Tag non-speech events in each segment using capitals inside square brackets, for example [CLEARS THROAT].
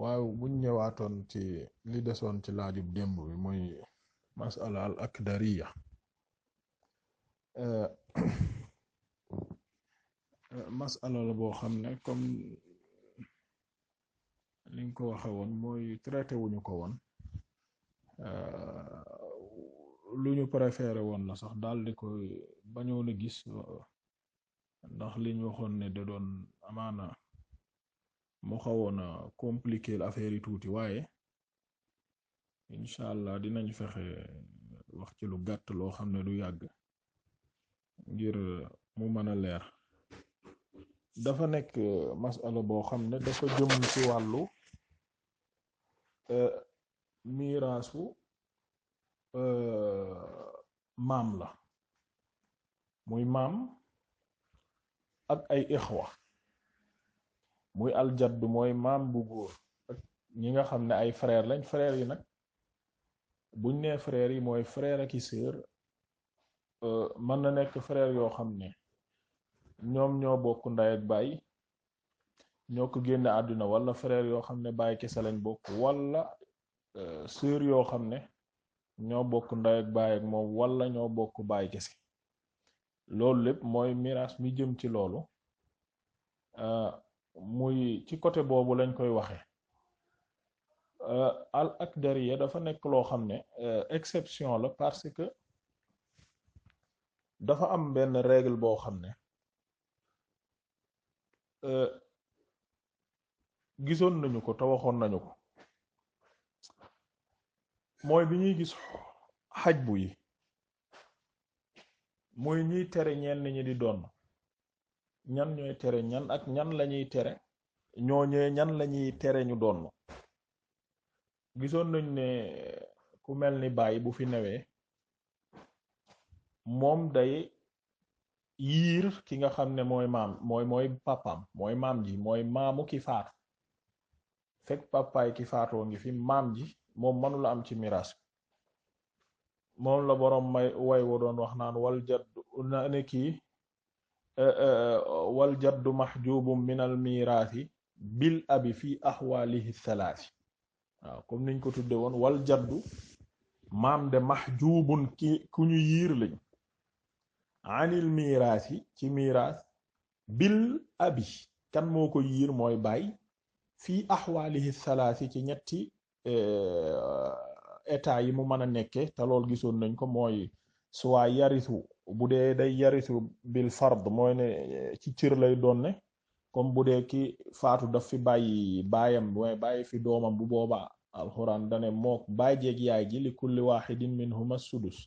waaw buñ ñëwaatoon ci li desoon ci laajub démb bi muy masala al akdariya eh, [CLEARS THROAT] masala la boo xam ne comme liñ ko waxe woon mooy traité wuñu ko woon eh, lu ñu préféré woon la sax daal di koy bañoon gis ndax liñ waxoon ne da doon amaana mu xawoon a compliquer l'affaire yi tuuti waaye incha allah dinañ fexe wax ci lu gàtt loo xam ne du yàgg ngir mu mën a leer dafa nekk euh, masala boo xam ne dafa jëm ci wàllu euh, miraasu euh, maam la muy maam ak ay ixwa muy aljaddu mooy maam bu góor ak ñi nga xam ne ay frère lañ frère yi nag buñ nee frère yi mooy frère ak i euh, mën na nekk frère yoo xam ne ñoom ñoo bokk ndey ak baay ñoo ko génne àdduna wala frère yoo xam ne baay kese lañ bokk wala euh, sœur yoo xam ne ñoo bokk ndey ak baay ak moom wala ñoo bokk baay kese loolu lépp mooy miraas mi jëm ci loolu. Euh, muy ci côté boobu lañ koy waxee euh, al akdariya dafa nekk loo xam ne euh, exception la parce que dafa am benn régle boo xam ne euh, gisoon nañu ko te waxoon nañu ko mooy bi ñuy gis xaj bu yi muy ñuy tere ñeen ñi di doon ñan ñooy tere ñan ak ñan lañuy tere ñooñee ñan lañuy tere ñu doon gisoon nañ ne ku mel ni bàyyi bu fi newee moom day yiir ki nga xam ne mooy maam mooy mooy papam mooy maam ji mooy maamu ki faatu fekk papaay ki faatoo ngi fi maam ji moom manula am ci miraas moom la boroom may way wo doon wax naan wal jadd ne kii Eh, eh, eh, wal jaddu mahjubun min al miraasi bil abi fi ahwalihi thalaasi waaw comme niñ ko tudde woon wal jaddu maam de mahjubun ki ku ñu yiir lañ anil miraasi ci miraas bil abi kan moo ko yiir mooy baay fii ahwaalihi thalaasi ci ñetti état yi mu mën a nekke te lool gisoon nañ ko mooy suwaa bu dee day yarisu bil fard mooy ne ci cër lay doon ne comme bu dee ki faatu daf fi bàyyi baayam waaye bàyyi fi doomam bu boobaa alxuraan dane mook baay jeeg yaay ji li kulli wahidin minhuma sudus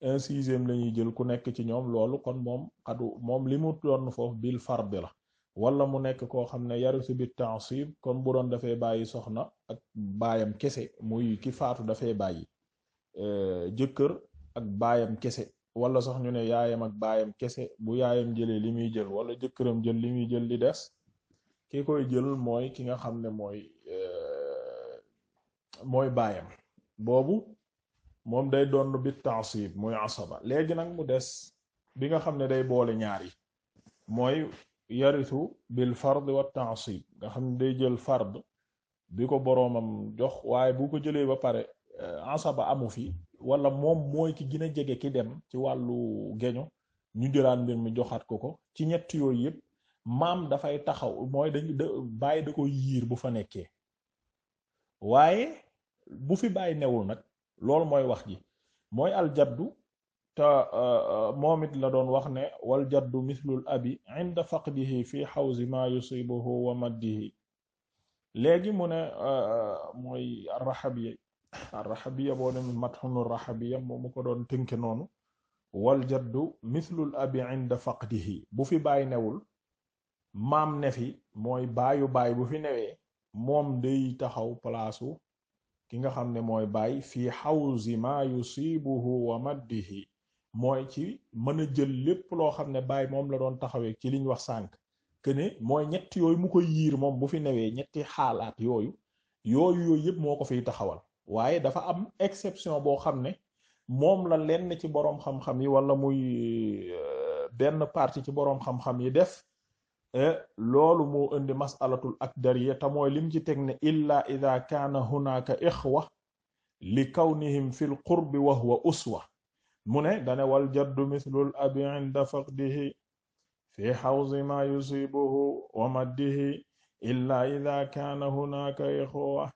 un sixième la jël ku nekk ci ñoom loolu kon moom xadu moom li mu doon foofu bil fard la wala mu nekk koo xam ne yarisu bi ta'sib kon bu doon dafay bàyyi soxna ak baayam kese muy ki faatu dafay bàyyi euh, jëkkër ak baayam kese wala sax ñu ne yaayam ak baayam kese bu yaayam jëlee li muy jël wala jëkkëram jël li muy jël li des ki koy jël mooy ki nga xam ne mooy euh, mooy baayam boobu moom day doon bi ta'sib muy asaba léegi nag mu des bi nga xam ne day boole ñaar yi mooy yaritu bil fard wa ta'sib nga xam ne day jël fard bi ko boroomam jox waaye bu ko jëlee ba pare euh, asaba amu fi wala moom mooy ki gën jege ki dem ci wàllu geño ñu jëlaat mbir mi joxaat ko ko ci ñett yooyu yëpp maam dafay taxaw mooy dañu bàyyi da ko yiir bu fa nekkee waaye bu fi bàyyi newul nag loolu mooy wax ji mooy aljaddu te euh, euh, moom it la doon wax ne waljaddu mislul abi inda faqdihi fi hawzi ma yusibuhu wa maddihi léegi mu ne euh, mooy raxab yi ar-Rahabiyya boo demee Mathun ar-Rahabiyya moom mu ko doon tënke noonu wal jaddu mithlul abi inda faqdihi bu fi baay newul maam ne fi mooy baayu baay bu fi newee moom day taxaw palaasu ki nga xam ne mooy baay fii hawzi ma yusibuhu wa maddihi mooy ci mën a jël lépp loo xam ne baay moom la doon taxawee ci liñ wax sànk que mooy ñetti yooyu mu koy yiir moom bu fi newee ñetti xaalaat yooyu yooyu yooyu yëpp moo ko fiy taxawal waaye dafa am exception boo xam ne moom la lenn ci borom xam-xam yi wala muy euh, benn partie ci boroom xam-xam yi def euh, loolu moo indi masalatul akdariya te mooy lim ci teg ne illa ida kaana hunaka ixwa li kawnihim fi l wa huwa uswa mu ne dane wal jaddu mithlul abi inda faqdihi fi hawzi ma yusibuhu wa maddihi illa ida kaana hunaka ixwa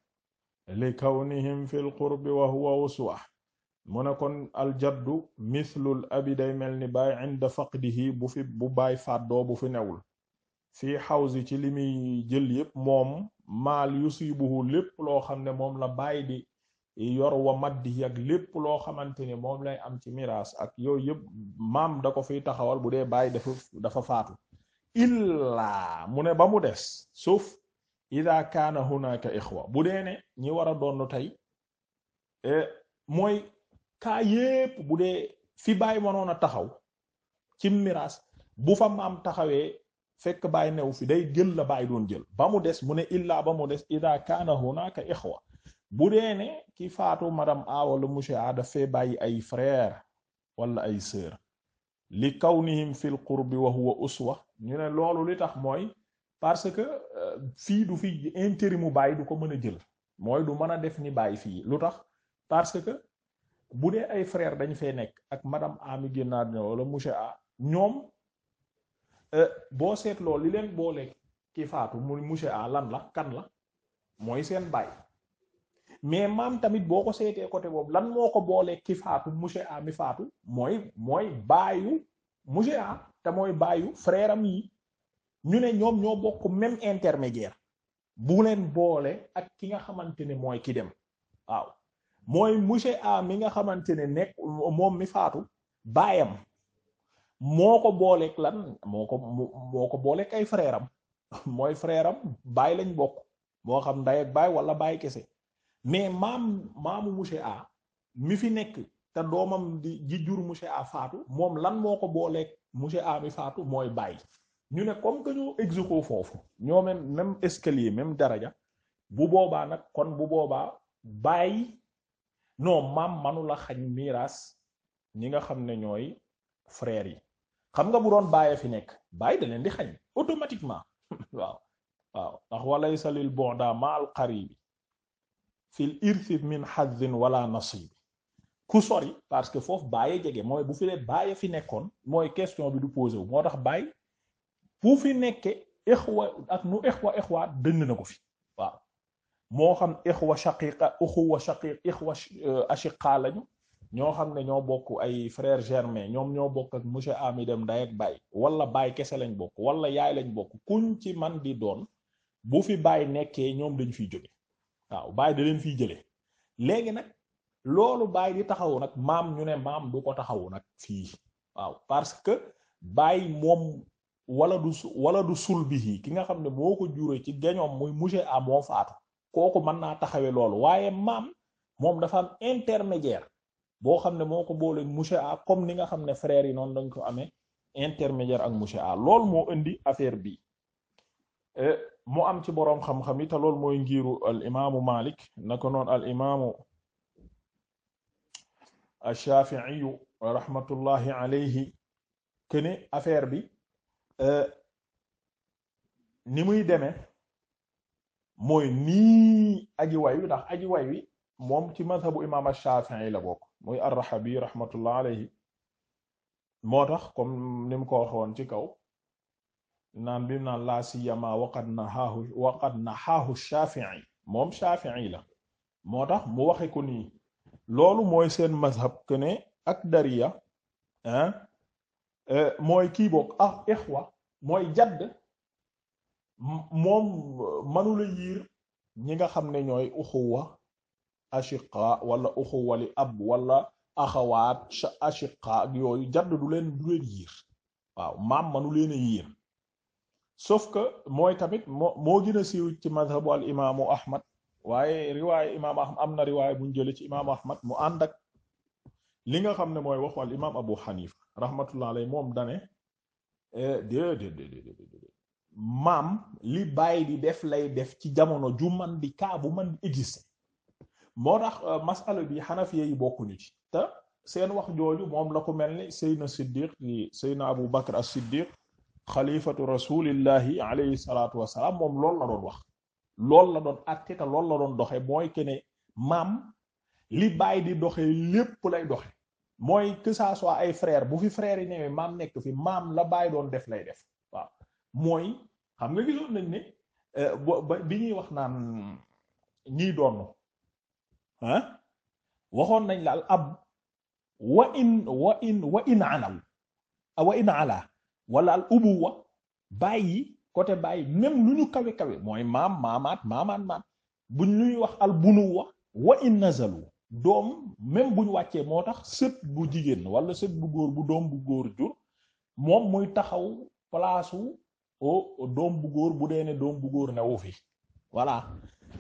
li kawnihim fil qurbi wa huwa uswa mu ne kon aljaddu mithlul abi day mel ni baay inda faqdihi bu fi bu baay fàddoo bu fi newul fii xawsi ci li muy jël yépp moom maal yusibuhu lépp loo xam ne moom la baay di yor wa maddi ak lépp loo xamante ne moom lay am ci miraas ak yooyu yëpp maam da ko fi taxawal bu dee baay dafa dafa faatu illaa mu ne ba mu des suuf ida kaana hunaka ixwa bu dee ne ñi war a doon tey e, mooy kaa yépp bu dee fi baay mënoon a taxaw ci miraas bu fa am taxawee fekk bàyyi new fi day jël la bàyyi doon jël ba mu des mu ne illaa ba mu des ida kaana hunaka ixwa bu dee ne ki faatu madame a wala monsieur a daf fee bàyyi ay frère wala ay sœur li kawnihim fil qurbi wa huwa uswa ñu ne loolu li tax mooy parce que fii du fi intérimu bàyyi du ko mën a jël mooy du mën a def ni bàyyi fii lu tax parce que bu dee ay frère dañ fee nekk ak madame A mi génn àddina wala monsieur A ñoom euh, boo seetloo li leen boole ki faatu mu monsieur A lan la kan la mooy seen bàyyi mais maam tamit boo ko seetee côté boobu lan moo ko boole ki faatu monsieur A mi faatu mooy mooy baayu monsieur te mooy baayu frère yi. ñu ne ñoom ñoo bokk même intermédiaire bu leen boole ak ki nga xamante ne mooy ki dem waaw mooy monsieur A mi nga xamante ne nekk moom mi faatu baayam moo ko booleek lan moo ko moo ko booleeg ay frère [LAUGHS] mooy frère am baay lañ bokk moo xam nday ak baay wala baay kese mais maam maamu monsieur A mi fi nekk te doomam di ji jur monsieur A faatu moom lan moo ko booleek monsieur A mi faatu mooy baay. ñu ne comme que ñoo ex aequo foofu ñoo même même escalier même daraja bu boobaa nag kon bu boobaa bàyyi noo maam manu la xañ miraas ñi nga xam ne ñooy frères yi xam nga bu doon bàyyi fi nekk bàyyi da leen di xañ automatiquement [LAUGHS] waaw waaw ndax walaysa lil bu'da ma'al qaribi fil irthi min hazzin wala nasib ku sori parce que foofu bàyyi jege mooy bu fi dee bàyyi fi nekkoon mooy question bi du posé wu moo tax bàyyi fu fi nekke ixwa ak nu ixwa ixwaat dënd na ko fi waaw moo xam ixwa shaqiqa uxuwa shaqiq ixwa euh, ashiqa lañu ñoo xam ne ñoo bokk ay frère germain ñoom ñoo bokk ak monsieur ami dem nday ak baay wala baay kese lañ bokk walla yaay lañ bokk kuñ ci man di doon bu fi baay nekkee ñoom dañ fiy jóge waaw baay da leen fiy jëlee léegi nag loolu baay di taxawu nag maam ñu ne maam du ko taxawu nag fii waaw parce que baay moom wala du wala du sulbihi ki nga xam ne moo ko jure ci geñoom muy mujje a moo faatu kooku mën naa taxawe loolu waaye maam moom dafa am intermédiaire boo xam ne moo ko boole mujje a comme ni nga xam ne frère yi noonu dañ ko amee intermédiaire ak mujje a lool moo indi affaire bi eh, mo am ci borom xam-xam yi te loolu mooy ngiru al imaamu Malik naka noonu al imaamu al Shafi'i alayhi kene affaire bi. Euh, ni muy deme mooy nii aji way ndax aji way wi moom ci madhabu imaam Shaafi'i la bokk muy ar-Rahabi rahmatullah alayhi moo tax comme ni ko waxoon ci kaw naan bi naan laa siyama waqad nahaahu waqad nahaahu Shaafi'i moom la moo tax mu waxe ko nii loolu mooy seen mazhab que ne ak dariya ah Euh, mooy kii boobu ah ixwa mooy jadd moom euh, manula yiir ñi nga xam ne ñooy uxuwa ashiqa wala uxuwa li ab wala axawaat ashiqa yooyu jadd du leen yiir waaw maam manu yiir sauf que mooy tamit moo moo gën a siiw ci madhabu al ahmad waaye riwaaye imaamu ahmad am na riwaaye buñ jële ci imaamu ahmad mu ànd li nga xam ne mooy waxu al abu xanifa rahmatullah alayhi moom dane eh, déedéet maam li bàyyi di def lay def ci jamono ju man di kaabu man di exister moo tax euh, masala bi xanafiya yi bokkuñu ci te seen wax jooju moom la ko mel ni Seydina Siddiq di Seydina Abu Bakr as-Siddiq xalifatu rasulillahi alayhi salatu wasalaam moom loolu la doon wax loolu la doon àtte te loolu la doon doxe mooy ke maam li bàyyi di doxe lépp lay doxe mooy que ça soit ay frère bu fi frère yi newee maam nekk fi maam la bàyyi doon def lay def waaw mooy xam nga gisoon nañ ne euh, bi ñuy wax naan ñiy doon waxoon nañ laal al ab wa in wa in wa in anaw wa in ala wala bàyyi côté bàyyi même lu ñu kawe kawe mooy maam maamaat maamaat maat buñ ñuy wax al bunuwa wa in nazalu doom même bu wàccee moo tax sët bu jigéen wala sët bu góor bu doom bu góor jur moom muy taxaw palaasu o oh, doom bu góor bu dee ne doom bu góor newu fi voilà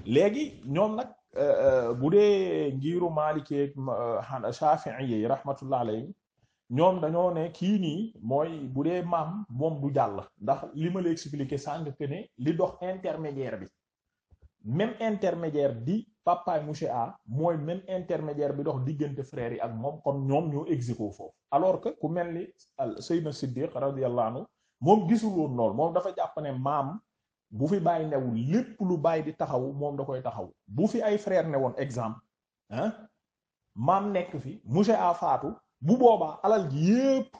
léegi ñoom nag euh, euh, bu dee ngiru Maalikee ak euh, Shafi'i yi rahmatullah alayhi ñoom dañoo ne kii nii mooy bu dee maam moom du jàll ndax li ma la expliqué sànq que li dox intermédiaire bi même intermédiaire di papaay monsieur A mooy même intermédiaire bi dox diggante frère yi ak moom kon ñoom ñoo exéco foofu alors que ku mel ni Seydina Siddiq radiyallahu anhu moom gisul woon lool moom dafa jàpp ne maam bu fi bàyyi newul lépp lu bàyyi di taxawu moom da koy taxaw bu fi ay frair ne woon exemple ah maam nekk fi monsieur A faatu bu boobaa alal ji yépp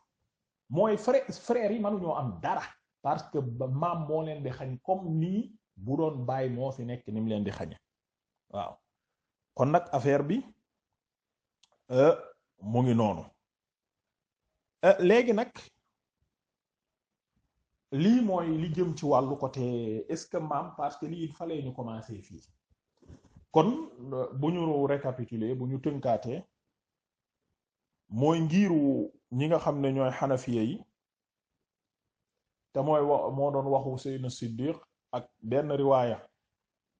mooy frère frère yi mënuñoo am dara parce que maam moo leen di xañ comme nii bu doon bàyyi moo fi nekk ni mu leen di xañe waaw kon nag affaire bi euh, mu ngi noonu euh, léegi nag lii mooy li jëm ci wàllu côté est-ce que maam parce que lii il fallait ñu commencer fii kon euh, bu ñu récapituler bu ñu tënkaatee mooy ngiru ñi nga xam ne ñooy xanafiya yi te mooy moo doon waxu Seydina Siddiq ak benn riwaaya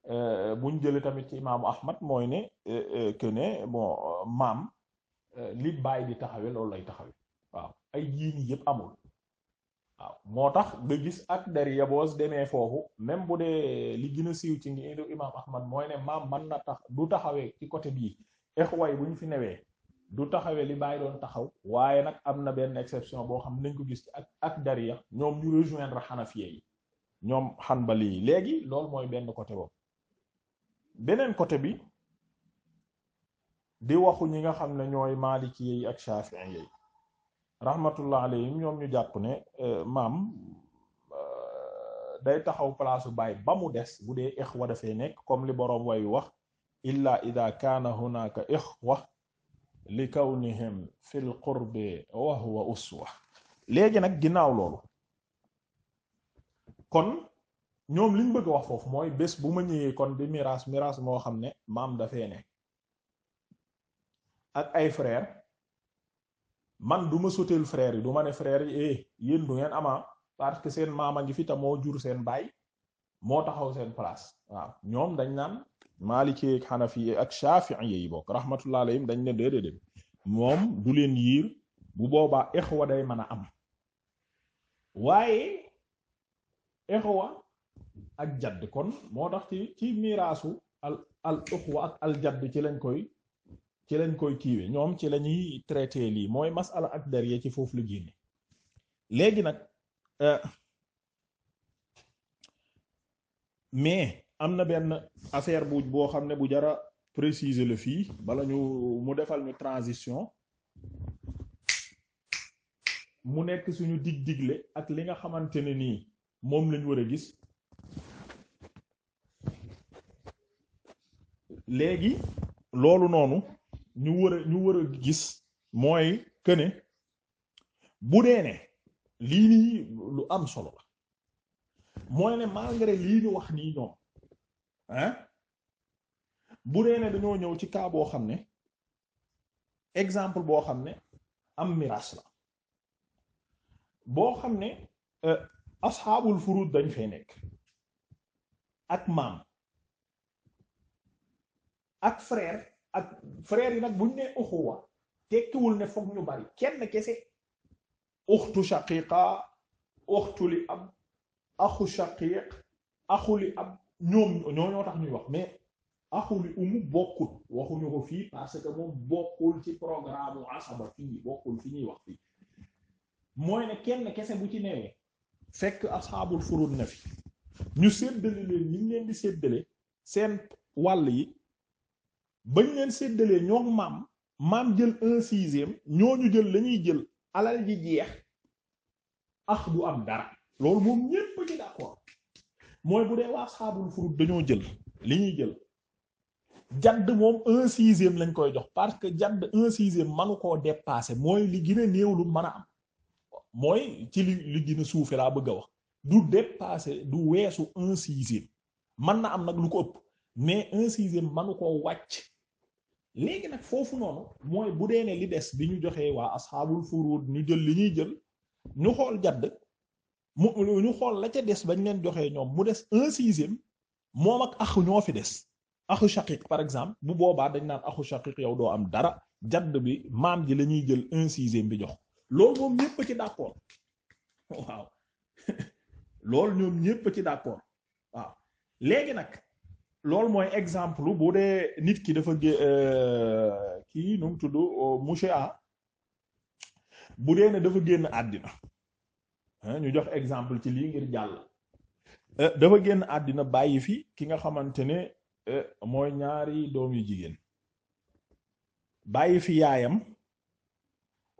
Euh, buñ jëlee tamit ci imaamu Ahmad mooy ne euh, euh, que ne bon maam li baay di taxawee loolu lay taxawee waaw ay jiini yëpp amul waaw moo tax nga gis ak dariya boos demee foofu même bu dee li gën a siiw ci ngi imaam Ahmad mooy ne maam man na tax du taxawee ci côté bii exwaay bu ñu fi newee du taxawee li baay doon taxaw waaye nag am na benn exception boo xam nañ ko gis ci ak ak dariya ñoom ñu rejoindre xanafiye yi ñoom xanbali yi léegi loolu mooy benn côté boobu. beneen côté bi di waxu ñi nga xam ne ñooy maaliki yi ak shafi'i yi rahmatullah alayhim ñoom ñu jàpp ne euh, maam euh, day taxaw palaasu baay ba mu des bu dee ixwa dafay nekk comme li boroom way wax illa ida kaana hunaka ixwa li kawnihim fi l qurbi uswa léegi nag ginnaaw loolu kon ñoom liñ bëgg wax foofu mooy bés bu ma ñëwee kon di miraas miraas moo xam ne maam dafee ne ak ay frère man du ma soteel frère yi du ma ne frère yi eh yéen du ngeen ama parce que seen maam a ngi fi tamoo moo jur seen baay moo taxaw seen place waaw ñoom dañ naan Maliki ak Hanafi ak Shafi'i yi bokk rahmatullah dañ ne déedéet moom du leen yiir bu boobaa exwa day mën a am waaye exwa ak jadd kon moo tax ci ci miraasu al al uxwa ak al jadd ci lañ koy ci lañ koy kiiwe ñoom ci lañuy traité lii mooy masala ak dariye ci foofu lu génne léegi nag euh, mais am na benn affaire bu boo xam ne bu jara préciser la fii bala ñu mu defal ñu transition mu nekk suñu dig digle ak li nga xamante ne nii moom lañ war a gis léegi loolu noonu ñu war a ñu war a gis mooy que ne bu dee ne lii nii lu am solo la mooy ne malgré lii ñu wax nii ñoom ah bu dee dañoo ñëw ci cas boo xam ne exemple boo xam ne am miraas la boo xam ne euh, asxaabul furud dañ fay nekk ak maam ak frère ak frère yi nag buñ ne uxuwa tekkiwul ne foog ñu bari kenn kese uxtu shaqiqa uxtu li ab axu shaqiq axu li ab ñoom ñoo tax ñuy wax mais axu li umu bokkul waxuñu ko fii parce que moom bokkul ci programme asaba fii bokkul fi ñuy wax fii mooy ne kenn kese bu ci newee fekk asxaabul furud na fi ñu séddale leen ñu leen di séddale seen wàll yi bañ leen séddalee ñoom maam maam jël un ñoo ñu jël lañuy jël alal ji jeex ax bu am dara loolu moom ñépp ci d'accord mooy bu dee waa saabul furut dañoo jël li ñuy jël jadd moom un sixième lañ koy jox parce que jadd un sixième manu koo dépasser mooy li gën néew lu mën am mooy ci li li gën suufe laa bëgg a wax du dépasser du weesu un sixième man na am nag lu ko ëpp mais un sixième manu koo wàcc léegi nag foofu noonu mooy bu dee ne li des bi ñu joxee waa asxaabul furuud ñu jël li ñuy jël ñu xool jadd mu ñu xool la ca des bañ leen joxee ñoom mu des un sixième moom ak axu ñoo fi des axu shaqiq par exemple bu boobaa dañ naan axu shaqiq yow doo am dara jadd bi maam ji lañuy jël un sixième bi jox loolu moom ñépp ci d'accord waaw [LAUGHS] loolu ñoom ñépp ci d'accord waaw léegi nag loolu mooy exemple bu dee nit ki dafa gé euh, kii nu mu tudd euh, monsieur A bu dee ne dafa génn àddina ñu jox exemple ci lii ngir jàll euh, dafa génn àddina bàyyi fi ki nga xamante ne mooy ñaari doom yu jigéen bàyyi fi yaayam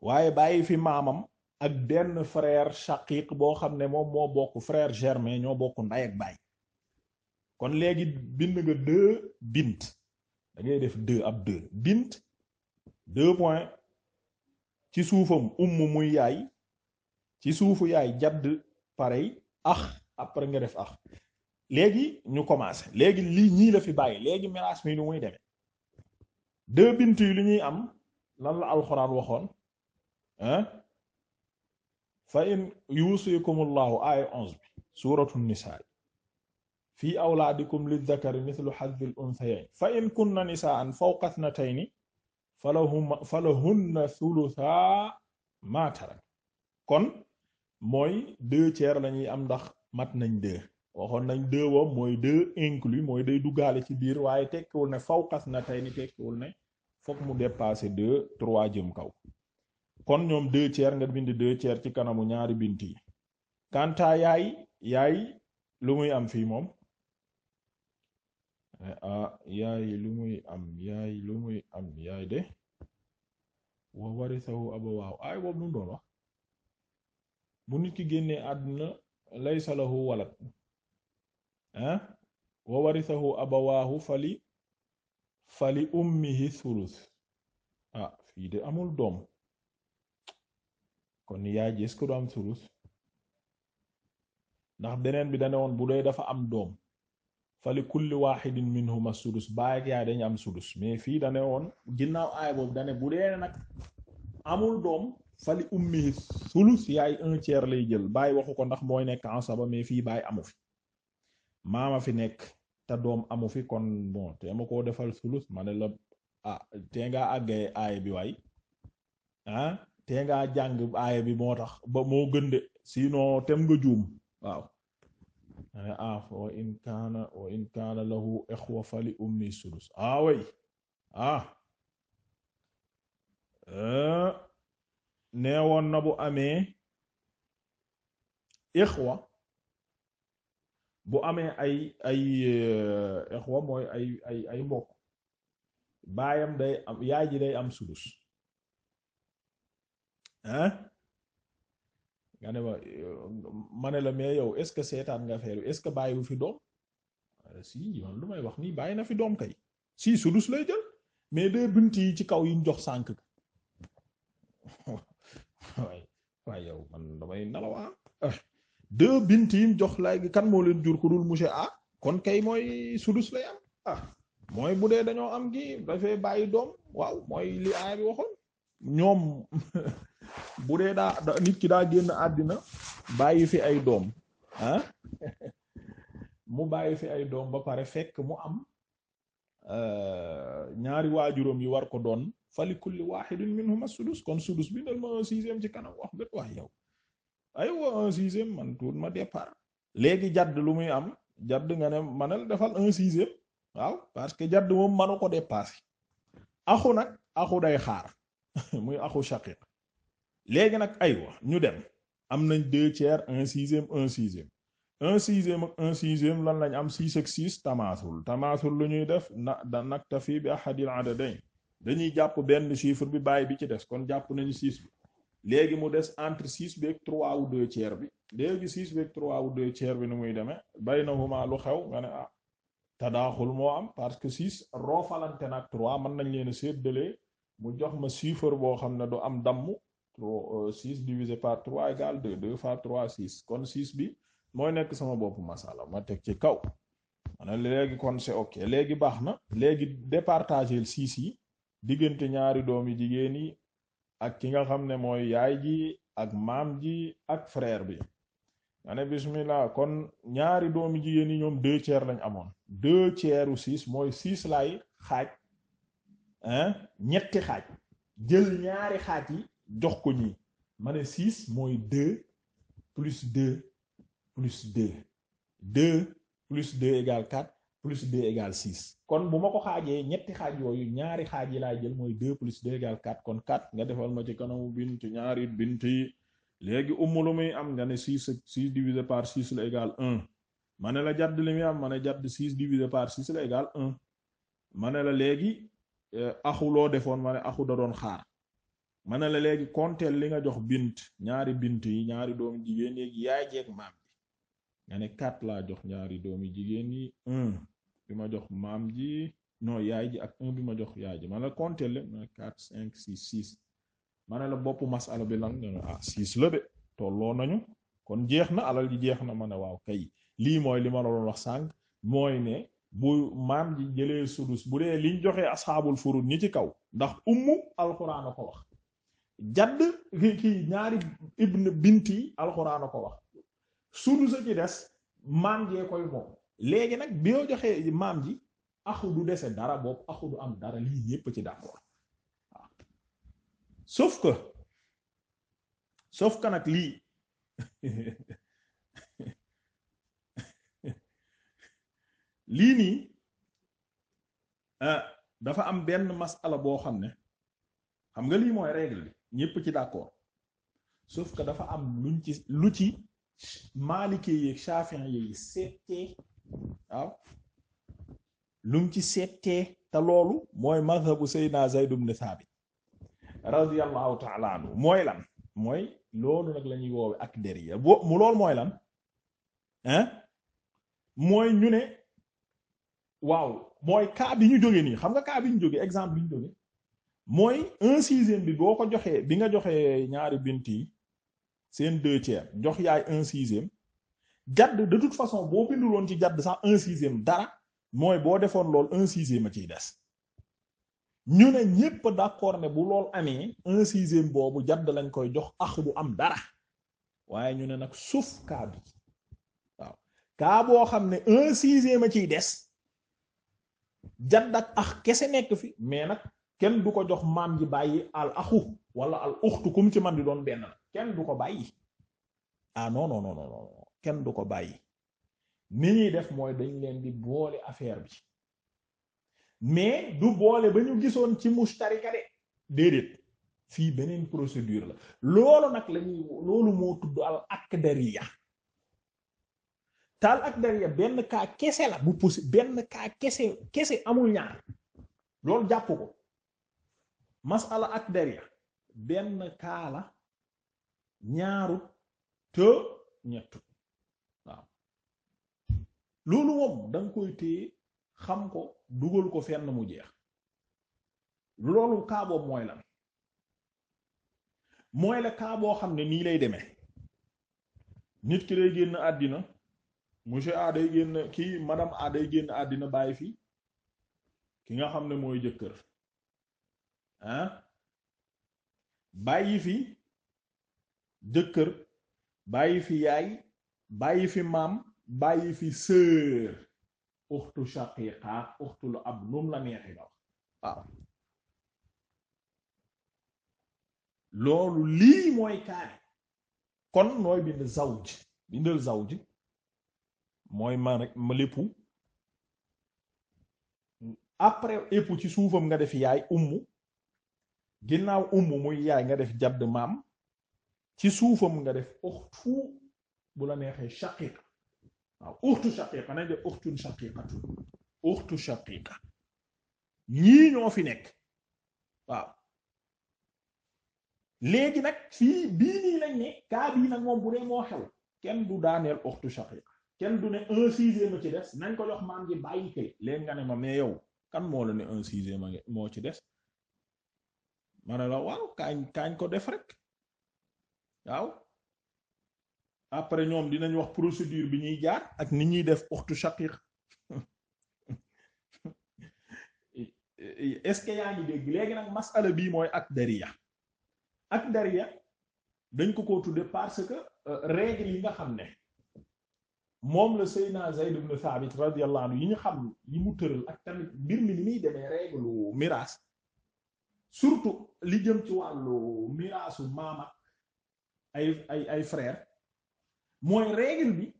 waaye bàyyi fi maamam ak benn frère shaqiq boo xam ne moom moo bokk frère germain ñoo bokku nday ak baay kon léegi bind nga deux bint da def deux ab deux bint deux point ci suufam umm muy yaay ci suufu yaay jàdd pareil ax après nga def ax léegi ñu commencé léegi lii ñii la fi bàyyi léegi mélange mi nu muy demee deux bint yi li ñuy am lan la alxuraan waxoon hein fa in yusikumullahu aaya onze bi suratu nisaa fi awlaadikum lizzakari mithlu hadhil unthayayn fa in kunna nisaan fawqa ithnatayni falahuma falahunna thulutha ma tarak kon mooy deux tiers la am ndax mat nañ deux waxoon nañ deux woom mooy deux inclus mooy day duggaale ci biir waaye tekkiwul ne fawqa ithnatayni tekkiwul ne fokk mu dépasser deux trois jëm kaw kon ñoom deux tiers nga bind deux tiers ci kanamu ñaari bint yi kanta yaay yaay lu muy am fii moom ne eh, ah yaay lu muy am yaay lu muy am yaay de wa warisahu abawaaw aay boobu nu doon bu nit ki génnee àdduna laysa lahu walad ah wa warisahu abawaahu fali fali ummihi sulus ah fii de amul doom kon yaay ji est-ce que du am sulus ndax beneen bi da ne woon bu dee dafa am doom fa li kulli wahidin minhuma sudus baay ak yaay dañu am sudus mais fii dane woon ginnaaw aay boobu dane bu dee nag amul doom fali ummihi sulus yaay un tiers lay jël baay waxu ko ndax mooy nekk asaba mais fii baay amu fi maama fi nekk te doom amu fi kon bon te ma koo defal sulus ma ne la ah tee aaya bi waay ah tee ngaa jàng aaya bi moo tax ba moo gën de sinon tem nga juum waaw ane aaf wa in kaana wa in kaana lahu ixwa fali ummi sudus away ah, ah. Eh. neewoon na bu amee ixwa bu amee ay ay eh, ixwa mooy ay ay ay baayam day am yaay day am sudus hein eh? nga ne ma eh, la mais yow est-ce que seetaan nga feeru est-ce que bàyyiwu fi doom si yoon lu may wax nii bàyyi na fi doom kay si sudus lay jël mais de bunt yi ci kaw yi ñu jox sànk [LAUGHS] waay waay yow man damay nalawaa ah. deux bint yi mu jox lay kan moo leen jur ko dul monsieur A kon kay mooy sudus lay am ah. mooy bu dee dañoo am gi dafay bàyyi doom waaw mooy li aaya bi ñoom [LAUGHS] bu dee daa nit ki daa génn àddina bàyyi fi ay doom ah [LAUGHS] mu bàyyi fi ay doom ba pare fekk mu am euh, ñaari waajuram yi war ko doon fali kulli wahidin minhuma sudus kon sudus bi ndal ma un sixième ci kanam wax bét wax yow aywa un sixième man tuut ma départ léegi jadd lu muy am jadd nga ne manal defal un sixième waaw parce que jadd moom manu ko dépasser axu nag axu day xaar [LAUGHS] muy axu shaqiq léegi nag aywa ñu dem am nañ deux tiers un sixième un sixième un sixième ak un sixième lan lañ am six ak six tamaasul tamaasul lu ñuy def na da naktafi bi ahadil adadayn dañuy jàpp benn chiffre bi bàyyi bi ci des kon jàpp nañu six bi léegi mu des entre six beeg trois ou deux bi léegi six beeg trois ou deux bi nu muy demee baynahuma lu xew nga ne ah tadaaxul moo am parce que six roofalante nag trois mën nañ leen a séddalee mu jox ma chiffre boo xam ne du am damm 3 6 euh, divisé par 3 égale 2 2 fois 3 kon 6 bi mooy nekk sama bopp masala ma teg ci kaw ma ne léegi kon c'est ok léegi baax na léegi départagel 6 yi diggante ñaari doom yi jigéen yi ak ki nga xam ne mooy yaay ji ak maam ji ak frère bi ma ne bismillah kon ñaari doom jigéen yi ñoom deux tiers lañ amoon deux tiers u mooy 6 laay xaaj hein ñetti xaaj jël ñaari xaaj yi jox ko ñi ma ne six mooy deux plus deux plus deux deux plus deux égale quatre plus deux égale six kon bu ma ko xaajee ñetti xaaj yooyu ñaari xaaj yi laa jël mooy deux plus deux égale quatre kon quatre nga defal ma ci kanamu bint ñaari bint yi léegi umu lu muy am nga ne six six divisé par six la égale ma ne la jadd li muy am ma ne jadd six divisé par six la égale ma ne la léegi euh, axu loo defoon ma ne axu da doon xaar ma ne la léegi konteel li nga jox bint ñaari bint yi ñaari doom jigéen yi yaay jeeg maam ji nga ne quatre laa jox ñaari doom doomu jigéen yi bi ma jox maam ji non yaay ji ak un bi ma jox yaay ji ma ne la konteel le ma ne cinq six ma ne la boppu masala bi lan nga ah six la de tolloo nañu kon jeex na alal ji jeex na ma ne waaw kay lii mooy li ma la wax sànq mooy ne bu maam ji jëlee sudus bu dee liñ joxee asxaabul furud ñi ci kaw ndax ummu alxuraan a ko wax. jadd kii ñaari ibn bint yi alxuraan a ko wax sunu sa ci des maam jee koy moom léegi nag bi yoo joxee maam ji axu du dese dara boobu axu du am dara lii yépp ci d'accord waaw sauf ka sauf que nag lii [LAUGHS] lii nii euh, dafa am benn masala boo xam ne xam nga lii mooy règle bi ñépp ci d'accord sauf que dafa am luñ ci lu ci maalikee yeeg chafin yi seetee waaw lum ci seetee te loolu mooy mazhabu Seydina Zayd ibn Thabit radiyallahu ta'ala anhu mooy lan mooy loolu nag la ñuy woowe ak deriya bo mu loolu mooy lan hein mooy ñu ne waaw mooy cas bi ñu jóge nii xam nga cas bi ñu jóge exemple bi ñu jóge mooy un sixième bi boo ko joxee bi nga joxee ñaari bint yi seen deux jox yaay un sixième jadd de toute façon boo bindul ci jadd sax un sixième dara mooy boo defoon lool un sixième a ciy des ñu ne ñépp d'accord ne bu lool amee un sixième boobu jadd lañ koy jox ax bu am dara waaye ñu ne nag suuf kaa bi waaw kaa boo xam ne un sixième a ciy des jadd ak ax kese nekk fi mais nag kenn du ko jox maam ji bàyyi al axu wala al uxtu kum ci man di doon benn kenn du ko bàyyi ah non non non non kenn du ko bàyyi ni ñuy def mooy dañ leen di boole affaire bi mais du boole ba ñu gisoon ci mustarika de déedéet fii beneen procédure la loolu nag lañuy loolu moo tudd al akdariya tal akdariya benn kaa kese la bu possi benn kaa kese kese amul ñaar loolu jàpp ko masala ak deriya benn kaala ñaaru te ñettu waaw loolu moom danga koy téye xam ko dugal ko fenn mu jeex loolu kaaboo boobu mooy lan mooy la kaa boo xam ne nii lay deme nit ki day génn àddina monsieur A day génn kii madame A day génn àddina bàyyi fii ki nga xam ne mooy jëkkër ah bàyyi fi jëkkër bàyyi fi yaay bàyyi fi maam bàyyi fi sœur uxtu shaqiqa uxtu lu ab num la neexi nga wax loolu lii mooy kaani kon nooy bind zawj bindal zawj mooy ma rek après épp ci suufam nga def yaay ummu ginnaaw umm muy yaay nga def jadd maam ci suufam nga def uxtu bu la neexee shaqiqa waaw uxtu shaqiqa nañ de uxtun shaqiqatu uxtu shaqiqa ñii ñoo fi nekk waaw léegi nag fii bii nii ne kaa bii nag moom bu dee moo xew kenn du daaneel uxtu shaqiqa kenn du ne un sixième ci des nañ ko jox maam ji bàyyi kële léegi nga ne ma mais yow kan moo la ne un sixième moo ci des ma la waaw kaañ kaañ ko def rek waaw après ñoom dinañ wax procédure bi ñuy jaar ak ni ñuy def uxtu shaqiq [LAUGHS] est-ce yaa ngi dégg léegi nag masala bii mooy ak dariya ak dariya dañ ko ko tudde parce que euh, règle yi nga xam ne moom la Seydina Zayd ibn Thabit radiyallahu anhu yi ñu xam yi mu tëral ak tamit mbir mi ni muy demee règle miraas surtout li jëm ci wàllu miraasu maama ay ay ay frère mooy règle bi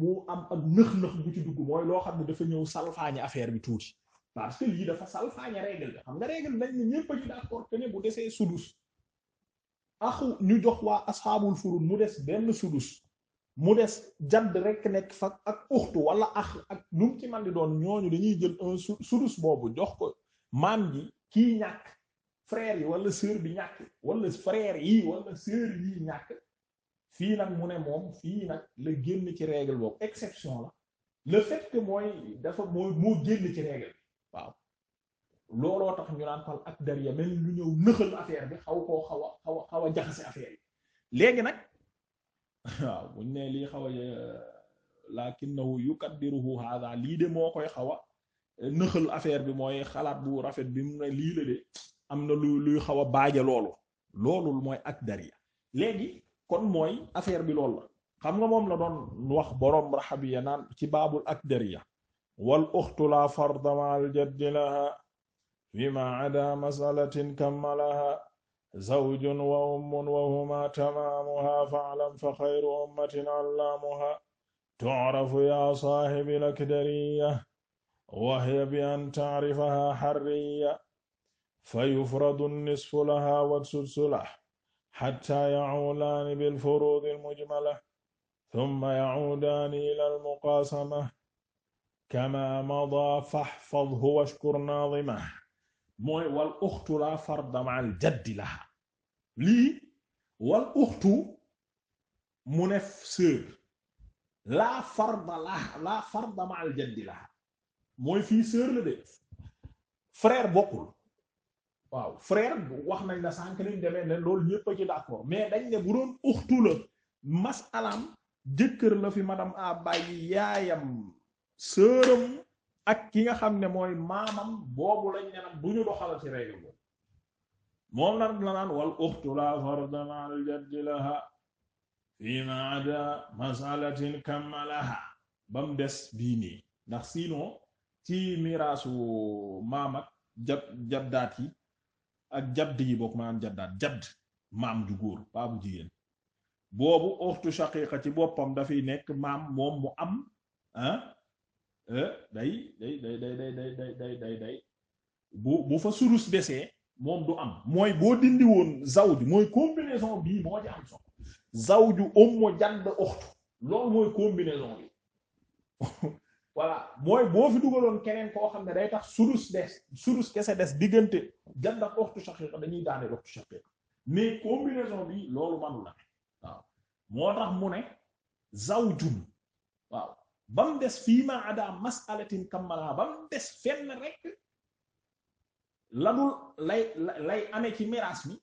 mu am ak nëx-nëx bu ci dugg mooy loo xam ne dafa ñëw salfaañe affaire bi tuuti parce que lii dafa salfaañe nga règle bi dañ ne ñépp a ci d'accord que ne bu desee sudus axu ñu jox waa asxaabul furud mu des benn sudus mu des jadd rek nekk fa ak uxtu wala ax ak lu ci man di doon ñooñu dañuy jël un sudus boobu jox ko maam ji kii ñàkk frère yi wala sœur bi ñàkk wala frère yi wala sœur yi ñàkk fii nag mu ne moom fii nag la génn ci règle boobu exception la le fait que mooy dafa mooy moo génn ci règle waaw looloo tax ñu naan fal ak dariya mel lu ñëw nëxal affaire bi xaw koo xaw a xaw jaxase affaire yi léegi nag [LAUGHS] waaw buñ ne lii xaw a euh, lakinnahu yukaddiruhu hadha lii de moo koy xaw a euh, nëxal affaire bi mooy xalaat bu rafet bi mu ne lii la de am na lu luy xaw a baaja loolu loolu mooy ak dariya léegi kon mooy affaire bi loolu la xam nga moom la doon wax boroom raxabiya naan ci baabul ak dariya wal uxtu la farda ma al jaddi laha fi ma ada masalatin kammalaha zawjun wa ummun wa huma tamaamuha fa'lam fa xayru ummatin allaamuha tu'rafu ya saahibil akdariya wa hiya bi an ta'rifaha harriya fa yufradu nisfu laha wa sudsu lah xatta yacuudaani bilfuruudi almujmala tumma yacuudaani ila almuqaasama kama mada faxfadhu washkur naadima mooy wal uxtu laa farda ma al jaddi laha lii wal uxtu mu ne sœur laa farda laha laa farda ma al jaddi laha mooy fii sœur la de frère bokkul waaw frère wax nañ la sànq nañ demee ne loolu ñëpp a ci d'accord mais dañ ne bu doon uxtu la masalaam jëkkër la fi madame a bàyyi yaayam sëram ak ki nga xam ne mooy maamam boobu lañ ne nag bu ñu doxal ci boobu moom la naan wal uxtu la fardan al fi ma ada masalatin kamalaha bam des bii ndax sinon ci miraasu maam ak yi ak jadd yi bokk maanaam jaddaat jadd maam ju góor paa bu jigéen boobu uxtu shaqiqa ci boppam dafay nekk maam moom mu am ah eh, day day day day day day day day day bu bu fa surus desee moom du am mooy boo dindiwoon woon zawju mooy combinaison bii moo ci am so zawju ummu jadd uxtu loolu mooy combinaison bi [LAUGHS] voilà mooy boo fi dugaloon keneen koo xam ne day tax sudus des sudus kese des diggante jand ak waxtu shaqiq dañuy daaneel waxtu shaqiq mais combinaison bi loolu manu la waaw moo tax mu ne zawjun waaw ba des fii ma ada masalatin kammala ba mu des fenn rek la dul lay lay amee ci miraas mi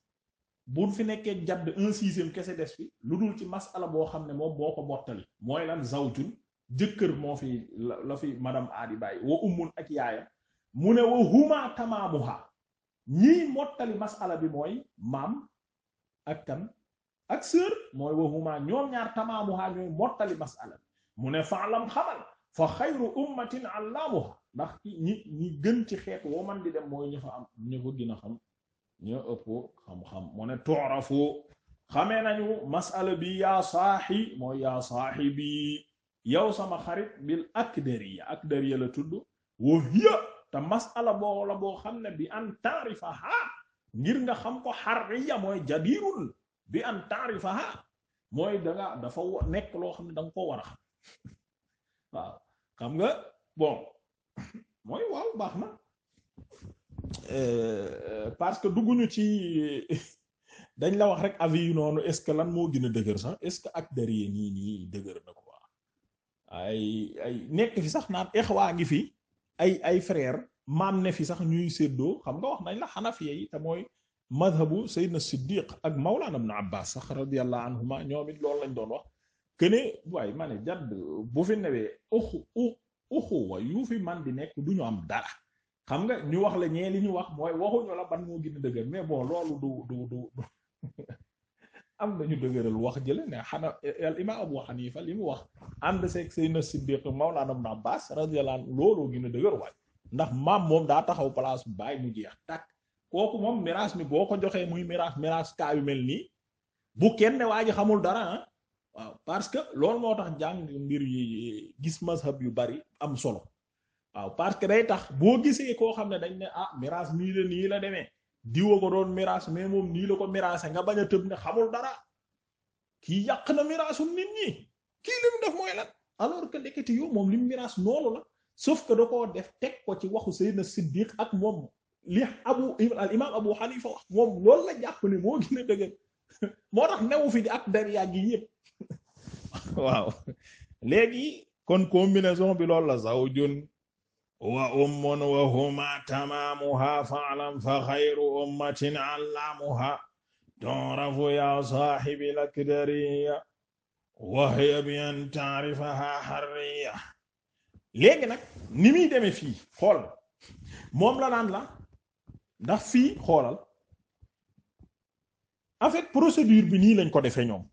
bu fi nekkee jadd un sixième kese des fi lu dul ci masala boo xam ne moom boo ko bottali mooy lan zawjun jëkkër moo fi la fi madame aadi ummun ak yaayam mu ne wa huma tamaamuha ñiy mottali masala bi mooy maam ak kan ak sœur mooy wa huma ñoom ñaar tamaamuha ñooy mottali masala bi mu faalam xamal fa xayru ummatin allaamuha ndax ñi ñi gën ci xeet woo man dem mooy ñu am ñu ko xam ñu ëpp xam-xam mu ne tu'rafu nañu masala bi yaa saaxi mooy yaa saaxibi yow sama xarit bil akdariya akdariya la tudd wa hiya te masala boo la boo xam ne bi an taarifaha ngir nga xam ko xarriya mooy jadirul bi an taarifaha mooy danga dafa nekk loo xam ne danga ko warax a [LAUGHS] waaw xam nga bon [LAUGHS] mooy waaw baax na euh, parce que dugguñu ci [LAUGHS] dañ la wax rek avis yu noonu est-ce que lan moo gën dëgër sax est-ce que ak dariya nii nii dëgër na ko ay ay nekk fi sax naan ixwaa ngi fi ay ay frère maam ne fi sax ñuy séddoo xam nga wax nañ la xanafiya yi te mooy madhabu sayyidna siddiq ak mawlana ibn abbas sax radiyallahu anhuma ñoom it loolu lañ doon wax këne waaye ma ne jadd bu fi newee uxu uxuwa yu fi man di nekk du ñu am dara xam nga ñu wax la ñee li ñu wax mooy waxuñu la ban moo gën a dëgër mais bon loolu du du du [LAUGHS] am nañu dëgëral wax jële ne xana al imam Abu Hanifa li mu wax ànd seeg Seydina Siddiq Mawlana Ibn Abbas radiyallahu anhu looloo gën a dëgër waay ndax maam moom daa taxaw place bàyyi mu jeex tàkk kooku moom miraas mi boo ko joxee muy miraas miraas kaa yu mel nii bu kenn waa ji xamul dara ah waaw parce que loolu moo tax jàng mbir yi gis ma mazhab yu bari am solo waaw parce que day tax boo gisee koo xam ne dañ ne ah miraas nii la nii la demee diwa ko doon miraas mais moom nii la ko miraase nga bañ a tëb ne xamul dara kii yàq na miraasu nit ñi kii li def mooy lan alors que ndekete yoo moom li miraas noonu la sauf que def teg ko ci waxu Seydina Siddiq ak moom li abu al imaam Abu a dëgër [LAUGHS] moo tax di [LAUGHS] kon combinaison bi loolu la zawjun wa ummun wa huma tamamuha fa'lam fa khayru ummatin 'allamuha tu'rafu ya sahibi lakdariya wa hiya bi an harriya léegi nag ni muy demee fii xool moom la naan ndax fii xoolal en fait bi nii lañ ko defe ñoom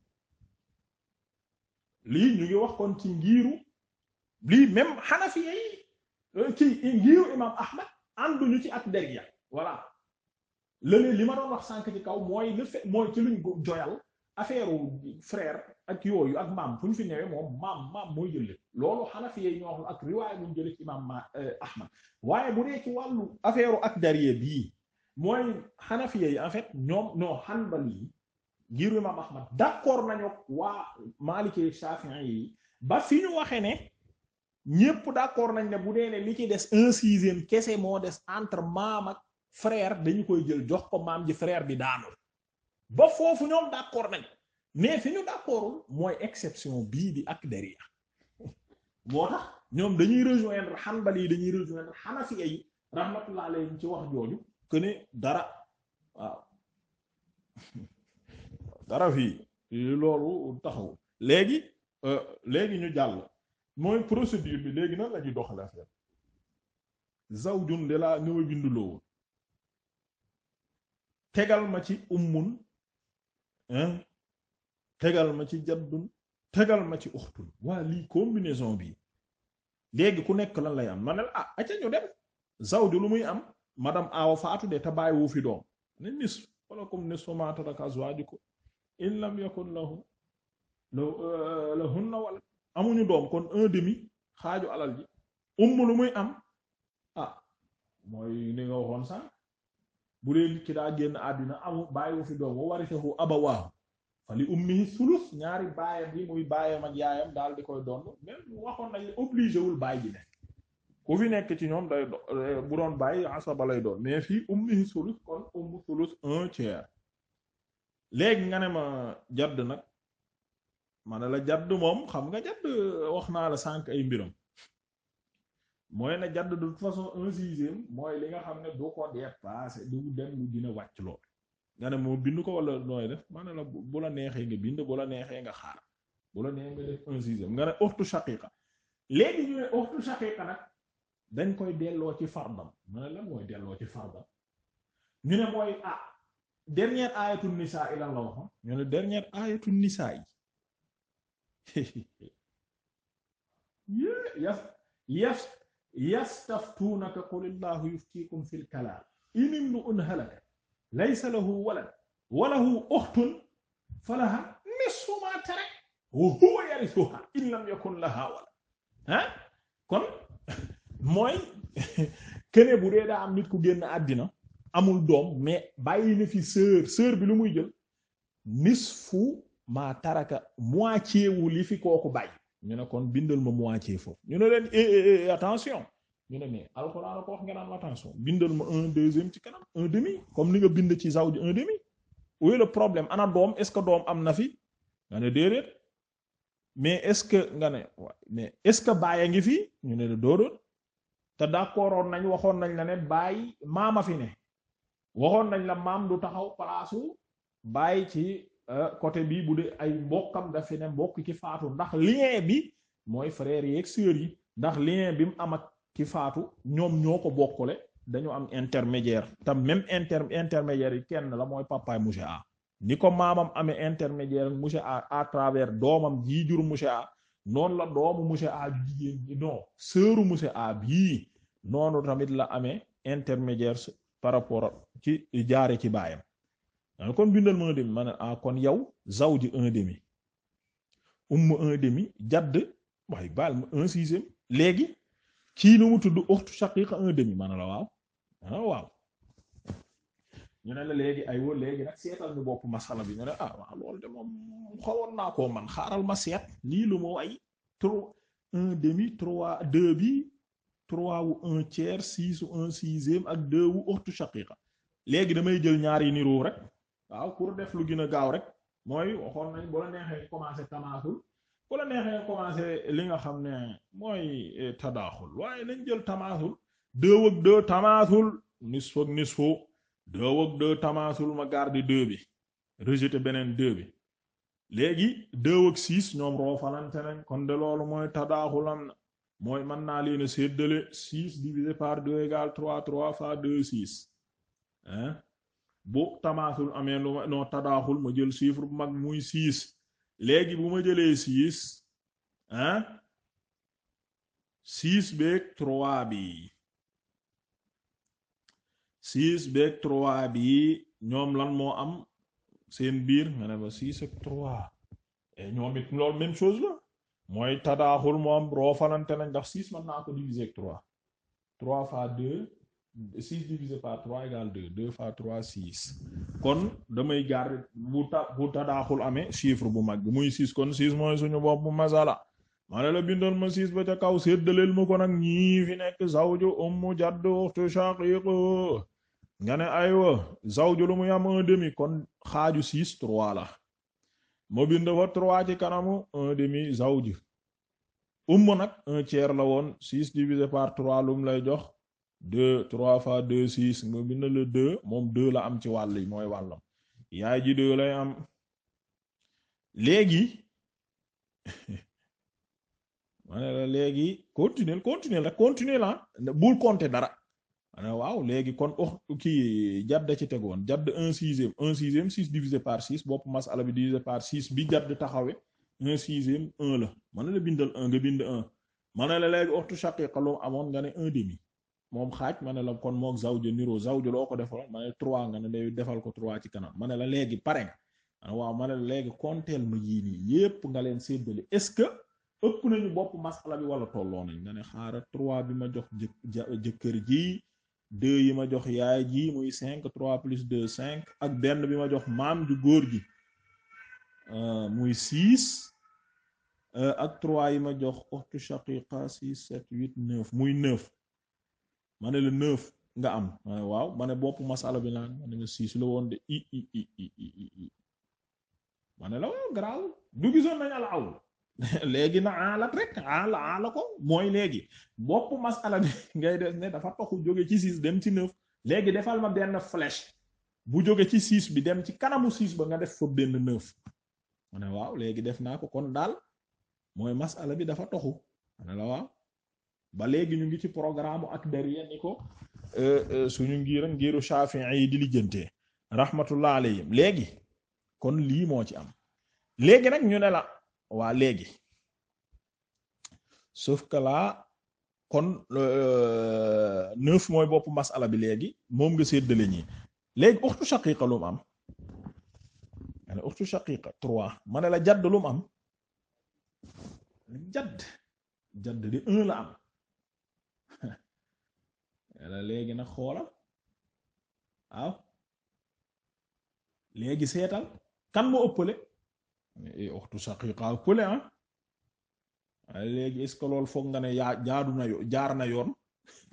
lii ñu wax kon ci lii même Hanafiya yi kii euh, ngiru imam ahmad ànduñu ci ak dég ya voilà li ma doon wax sànk ci kaw mooy le fait mooy ci luñ joyal affaire frère ak yooyu ak maam fu ñu fi newee moom maam maam mooy jëlle loolu xanafi yi ñoo xam ak riwaay buñ jële ci imam euh, ahmad waaye bu dee ci wàllu affaire ak dariye bii mooy xanafi yi en fait ñoom ñoo xanbal yi ngiru imam ahmad d'accord nañu waa maalikee shafi'i yi ba fi ñu waxe ne ñépp d'accord nañ ne bu dee ne li ci des un sixième kese moo des entre maam ak frère dañu koy jël jox ko maam ji frère bi daanul ba foofu ñoom d'accord nañ mais fi ñu d'accordul mooy exception bii bi ak dariya moo tax ñoom dañuy rejoindre hanbali yi dañuy rejoindre hanafi yi rahmatullah alayhim ci wax jooju que ne dara waaw [LAUGHS] dara fii loolu taxaw léegi euh, léegi ñu jàll mooy procédure bi léegi nan la ñuy doxalee affaire zawjun de laa nga ma binduloo tegal ma ci ummun tegal ma ci jaddun tegal ma ci uxtun waa lii combinaison bi léegi ku nekk la lay am ma la ah aca ñu dem zawju lu muy am madame awa faatu de te bàyyiwu fi doom ne nis wala comme nis fa ma taraka azwaajukum in lam yakun lahu euh, lahunna wala amuñu doom kon un demi xaaju alal ji umm lu muy am ah mooy ni nga waxoon sànq bu dee nit ki daa génn àddina amu bàyyiwu fi doom wa warisahu abawaahu fa li ummihi sulus ñaari baayam yi muy baayam ak daal di koy donn même waxoon nañu obligé wul baay ne ku fi nekk ci ñoom day do bu doon bàyyi asaba lay doon mais fii ummihi sulus kon umm sulus un tiers léegi nga ne ma jadd nag ma la jadd moom xam nga jadd euh, wax naa la sànq ay mbiram mooy na jadd de toute façon un sixième mooy li nga xam ne du ko dépasser du dem lu dina wàcc lool nga ne moo bind ko wala nooy def ma ne la bu la neexee nga bind bu la neexee nga xaar bu la neexee nga def un sixième nga ne ortu shaqiqa léegi ñu ne ortu shaqiqa nag dañ koy delloo ci fardam ma ne la mooy delloo ci fardam ñu ne mooy ah dernière ayatul nisaa yi lan la waxoon ñu ne dernière ayatul yi yaf yaf yastaftuunaka qul illahu yuftiikum fil kalaam in imru'un halaka laysa lahu walad wa lahu ukhtun falaha nisfu ma tarak wa huwa yarithuha in lam yakun laha walad ah kon mooy kene bu dee daa am nit ku génn àddina amul doom mais bàyyi na fi sœur sœur bi lu muy jël nisfu maa taraka moitié wu li fi kooku bàyyi ñu ne kon bindal ma moitié foofu ñu ne leen eh, eh, eh attention ñu ne mais alxuraan ko wax nga naan attention bindal ma un deuxième ci kanam un demi comme ni nga bind ci zawj un demi où est problème ana doom est-ce que doom am na fi nga ne déedéet mais est-ce que nga ne mais est-ce que baay a ngi fi ñu ne la doodoon te d'accordoon nañ waxoon nañ la ne baay maama fi ne waxoon nañ la maam du taxaw palaasu baay ci Euh, côté bi bu de ay mbokkam dafa ne mbokk ki faatu ndax lien bi mooy frères yi ak yi ndax lien bi mu am ak ki faatu ñoom ñoo ko bokkule dañu am intermédiaire tam même inter intermédiaire yi kenn la mooy papaay monsieur A ni ko maamam amee intermédiaire monsieur A à travers doomam jii jur monsieur A la doomu monsieur A ju jigéen ñi non sœuru monsieur A bii noonu tamit la amee intermédiaire par rapport ci jaare ci baayam dana kon bindal ma un demi ma ne ah kon yow zawji un demi umm un demi jadd waaye baal ma un sixième léegi kii nu mu tudd uxtu shaqiqa un demi ma ne la waaw ma waaw ñu ne la léegi ay wa léegi nag seetal ñu bopp masala bi ñu ne ah waaw loolu de moom xawoon naa koo man xaaral ma seet lii lu ma way trois un demi trois deux bi trois wu un tiers six un sixième ak deux wu uxtu shaqiqa léegi damay jël ñaar yi niru rek waaw pour def lu gën a gaaw rek mooy waxoon nañ bu la neexee commencer tamaasul bu neexee commencer li nga xam ne mooy eh, tadaaxul waaye nañ jël tamaasul deux ak deux tamaasul nisfu ak nisfu deux ak deux tamaasul ma garder deux bi rejeter beneen deux bi léegi deux ak six ñoom roofalante nañ kon de loolu mooy tadaaxul am na mooy mën naa leen a séddale six divisé par deux égale trois trois fois deux six hein bu tamaasul amee nu ma non tadaaxul ma jël chiffre bu mag muy six léegi bu ma jëlee six hein six beeg trois bi six beeg trois bi ñoom lan moo am seen biir nga ne ba six ak trois et ñoom it loolu chose la mooy tadaaxul moom roo fanante nañ ndax six mën naa ko diviser trois trois fois deux six divisé par trois égale deux deux fois trois six kon damay garder bu ta daaxul tadaaxul amee chiffre bu mag muy six kon six mooy suñu bopp masala ma ne la bindal ma six ba ca kaw séddaleel ma ko nag ñii fi nekk zawju jadd uxtu nga ne aywa zawju lu muy am un demi kon xaaju six trois la ma bind fa trois ci kanamu un demi zawju ummu nag un tiers la woon six divisé par trois lum lay jox deux trois fois deux six nga bind le deux moom deux la am ci wàll yi mooy wàllam yaay ji deux lay am léegi [LAUGHS] ma ne la léegi continuer continuer la continuer la ah, bul compter dara ma waaw léegi kon ox oh, kii jadd ci tegoon jadd un sixième un sixième six divisé par six bopp masala bi divisé par six bi jadd taxawe un sixième un la ma ne la bindal un nga bind un ma ne la léegi oxtu shaqiqa lu amoon nga ne un demi moom xaaj ma ne la kon moog zawju niroo zawju loo ko defal ma ne trois nga ne day defal ko trois ci kanam ma ne la léegi pare nga waaw ma ne la léegi konteel ma yii nii yépp nga leen séddale est-ce que ëpp nañu bopp masala bi wala tolloo nañ nga ne xaaral trois bi ma jox jëkkër ji deux yi ma jox yaay ji muy cinq trois plus deux cinq ak benn bi ma jox maam ju góor ji euh, muy six euh, ak trois yi ma jox oxtu shaqiqa six sept muy neuf ma ne la neuf nga am ma waaw ma ne bopp masala bi naan ma ne nga siis la woon de i i i i ma la waaw garaaw du gisoon nañ al awl [LAUGHS] léegi na alat rek ala ala ko mooy léegi bopp masala bi [LAUGHS] ngay def ne dafa toxu jóge ci siis dem ci neuf léegi defal ma benn flèche bu jóge ci siis bi dem ci kanamu siis ba nga def foo benn neuf ma ne waaw léegi def naa ko kon daal mooy masala bi dafa toxu ma la waaw ba léegi ñu ngi ci programme ak dariya ni ko euh, euh, suñu ngir ngiru Shafi'i yi di lijjantee rahmatullah alayhim léegi kon lii moo ci am léegi nag ñu ne la waa léegi sauf que kon euh, neuf mooy boppu masala bi léegi moom nga séddale ñi léegi uxtu shaqiqa lu am ma ne la jadd lu mu am jadd jadd di am la léegi nag xoola waaw léegi seetal kan moo ëppale waxtu eh, saqiqa ëppale ah waaye léegi est loolu foog nga ne yaa jaadu na yoon jaar na yoon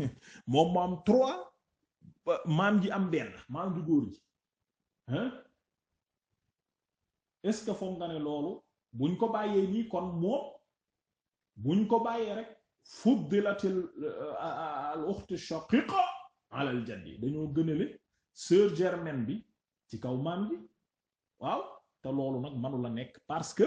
[LAUGHS] moom mu am trois maam ji am benn maam ju góor ji hein est-ce que foog nga ne loolu buñ ko bàyyee nii kon moom buñ ko bàyyee rek fuddilat euh, al ukhtu shaqiqa ala al jaddi dañoo gënale sœur germaine bi ci kaw maam bi waaw te loolu nag manu la nekk parce que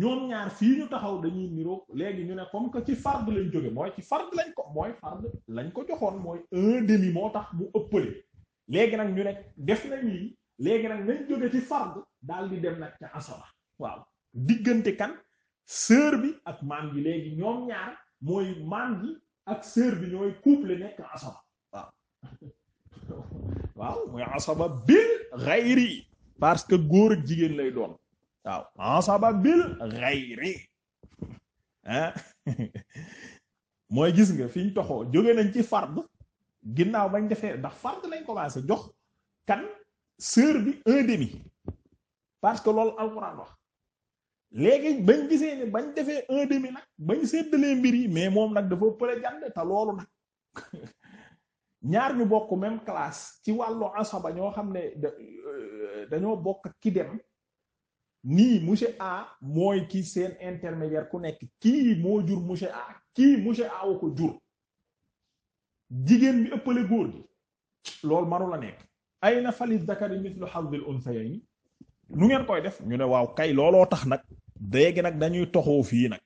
ñoom ñaar fii ñu taxaw dañuy niroog léegi ñu ne comme que ci fard lañ jóge mooy ci fard lañ ko mooy fard lañ ko joxoon mooy un moo tax mu ëppale léegi nag ñu ne def nañ lii léegi nag nañ jóge ci fard daal di dem nag ca asaba waaw diggante kan sœur bi ak maam bi léegi ñoom ñaar mooy maan gi ak sœur bi ñooy couple nekk asaba ah. [LAUGHS] waaw mooy asaba bil ghayri parce que góor ak jigéen lay doon waaw asaba bil ghayri ah [LAUGHS] mooy gis nga fi ñu toxoo jóge nañ ci fard ginnaaw bañ defee ndax fard lañ commencé jox kan sœur bi un demi parce que loolu alxuraan wax léegi bañ gisee ne bañ defee un nag bañ séddalee mbir yi mais moom nag dafa pële jànd ta loolu nag [LAUGHS] ñaar ñu bokk même classe ci wàllu asaba ñoo xam ne euh, dañoo bokk ki dem nii monsieur A mooy ki seen intermédiaire ku nekk kii moo jur monsieur A kii monsieur A woo jur jigéen bi ëppale góor gi loolu manu la nekk ay na falis dakari mithlu hazil unsayayni nu ngeen koy def ñu ne waaw kay looloo tax nag léegi nag dañuy toxoo fii nag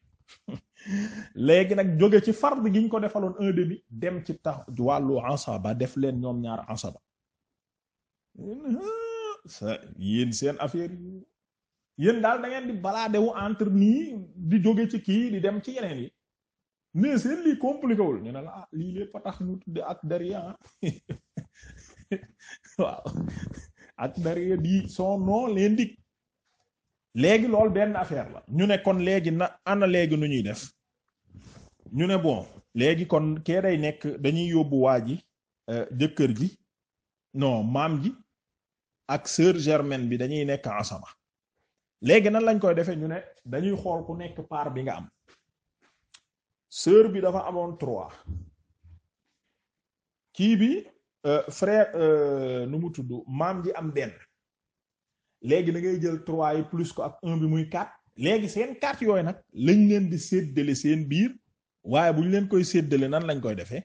léegi nag jóge ci fard gi ko defaloon un demi dem ci tax wàllu ba def leen ñoom ñaar asaba sa yéen seen affaire yi yéen daal da ngeen di balaadewu entre nii di jóge ci kii di dem ci yeneen yi mais seen lii compliqué ñu ne la ah lii lépp a tax ñu tudde ak dariya ah. [LAUGHS] waaw ak dariya di son nom l'indique léegi loolu benn affaire la ñu ne kon léegi na ana léegi nu ñuy def ñu ne bon léegi kon kee day nekk dañuy yóbbu waa ji euh, jëkkër ji no maam ji ak sœur germaine bi dañuy nekk ensemble léegi nan lañ koy defee ñu ne dañuy xool ku nekk part bi nga am sœur bi dafa amoon troit kii bi euh, frère euh, nu mu tudd maam ji am benn léegi da ngay jël trois yi plus ko ak un bi muy quatre léegi seen carte yooy nag lañ leen di séddale seen biir waaye bu ñu leen koy séddale nan lañ koy defee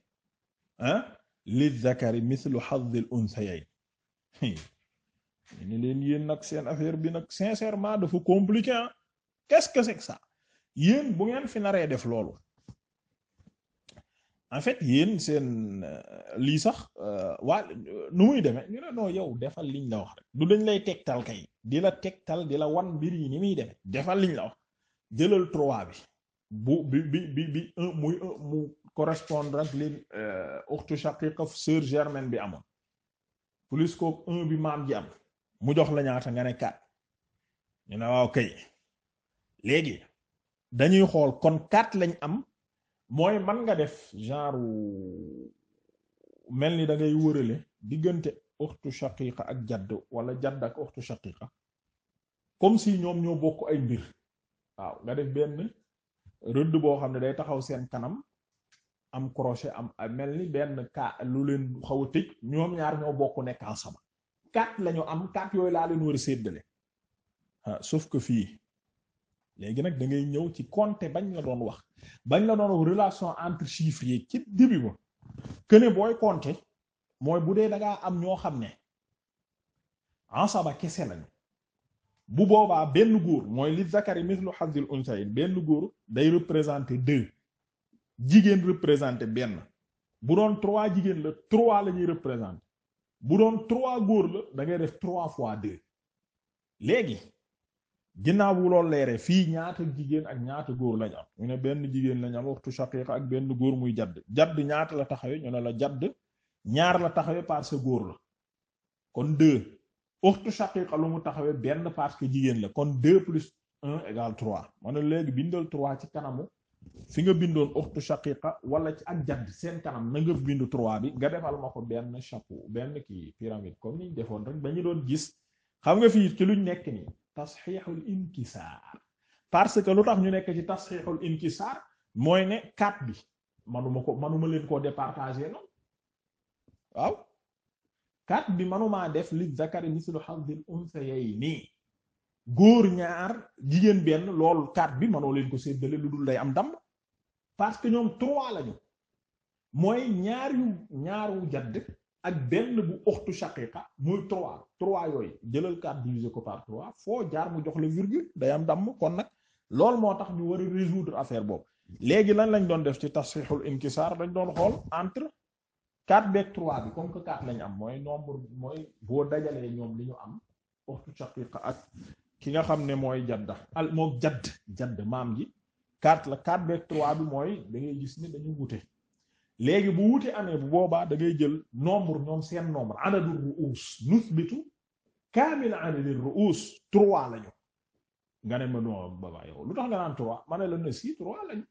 ah lil zakari mithlu hazzil unsayayn ni leen yéen nag seen affaire bi nag sincèrement dafa compliqué ah qu'est-ce que sa que yéen bu ngeen fi naree def loolu en fait yéen seen euh, lii sax euh, waa nu muy deme ñu ne non yow defal liñ la wax rek du dañ lay tegtal kay di la tegtal di la wan mbir yi ni muy demee defal liñ la wax jëlal trois bi bu bi bi bi bi un muy un mu correspondre ak li ukhtu shaqiqa sœur germaine bi amoon plus que un bi maam ji am mu jox la ñaata nga ne quatre ñu ne waaw kay léegi dañuy xool kon quatre lañ am. mooy man nga def genre mel ni dangay ngay wërale diggante uxtu shaqiqa ak jadd wala jadd ak uxtu shaqiqa comme si ñoom ñoo bokk ay mbir waaw nga def benn rëdd boo xam ne day taxaw seen kanam am crochet am mel ni benn kaa lu leen xaw a tëj ñoom ñaar ñoo bokk nekk sama kat lañu am kat yooyu laa leen war a séddale sauf que fii léegi nag da ngay ñëw ci compter bañ la doon wax bañ la doon relation entre chiffres yi ci début ba que ne booy compter mooy bu dee da ngaa am ñoo xam ne ansaba kese lañu bu boobaa benn góor mooy li zakari mislu hazil unsayin benn góor day représenter deux jigéen représenter benn bu doon trois jigéen la trois la ñuy représenter bu doon trois góor la da ngay def trois fois deux léegi. ginnaaw bu loolu leeree fii ñaata jigéen ak ñaata góor lañ am ñu ne benn jigéen lañ am waxtu shaqiqa ak benn góor muy jadd jadd ñaata la taxawe ñu ne la jadd ñaar la taxawe parce que góor la kon deux waxtu shaqiqa lu mu taxawee benn parce que jigéen la kon deux plus un égale trois ma ne léegi bindal trois ci kanamu fi nga bindoon waxtu shaqiqa wala ak jadd seen kanam na nga bindu trois bi nga defal ma ko benn chapeau benn kii pyramide comme niñ defoon rek dañu doon gis xam nga fii ci luñ nekk nii tasxiixul inkisaar parce que lu tax ñu nekk ci tasxiixul inkisaar mooy ne quatre bi manuma ko manuma leen ko départager noonu waaw quatre bi manumaa def li zakari mislu hazzil unsayayni góor ñaar jigéen benn loolu quatre bi manoo leen ko séddale lu dul day am damm parce que ñoom trois lañu mooy ñaar yu ñaaru jadd ak benn bu oxtu shaqiqa muy trois trois yooyu jëlal quatre diviser ko par trois foo jaar mu jox la virgule day am damm kon nag loolu moo tax ñu war a résoudre affaire boobu léegi lan lañ doon def ci tasxixul inkisaar dañ doon xool entre quatre beeg trois bi comme que quatre lañ am mooy nombre mooy boo dajalee ñoom li ñu am oxtu shaqiqa ak ki nga xam ne mooy jadda al moom jadd jadd maam ji quatre la quatre beeg trois bi mooy da ngay gis ni dañu wute léegi bu wuti amee bu boobaa da ngay jël nombre ñoom seen nombre adadu ru'us nuthbitu kaamil adadi ru'us trois lañu nga ne ma ba baba yow lu tax nga naan trois ma ne la ne si trois lañu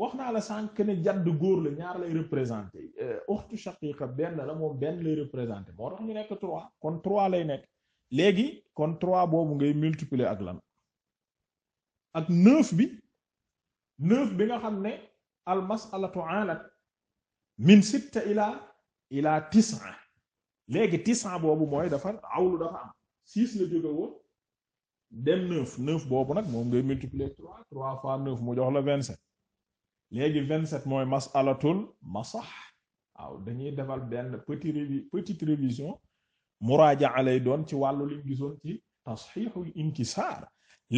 wax naa la sànq ne jadd góor la ñaar lay représenté euh, uxtu shaqiqa benn la moom benn lay représenté moo tax ñu nekk trois kon trois lay nekk léegi kon trois boobu ngay multiplier ak lan ak neuf bi neuf bi nga xam ne al mas'alatu alat min sitta ilaa ilaa tis'a léegi tis'a boobu mooy dafa awlu dafa am six la jóge woon dem neuf neuf boobu nag moom ngay multiplier trois trois fois neuf mu jox la vingt sept léegi vingt sept mooy masalatul masax waaw dañuy defal benn petit révi petite révision muraaja lay doon ci wàllu liñ gisoon ci tasxiixul inkisaar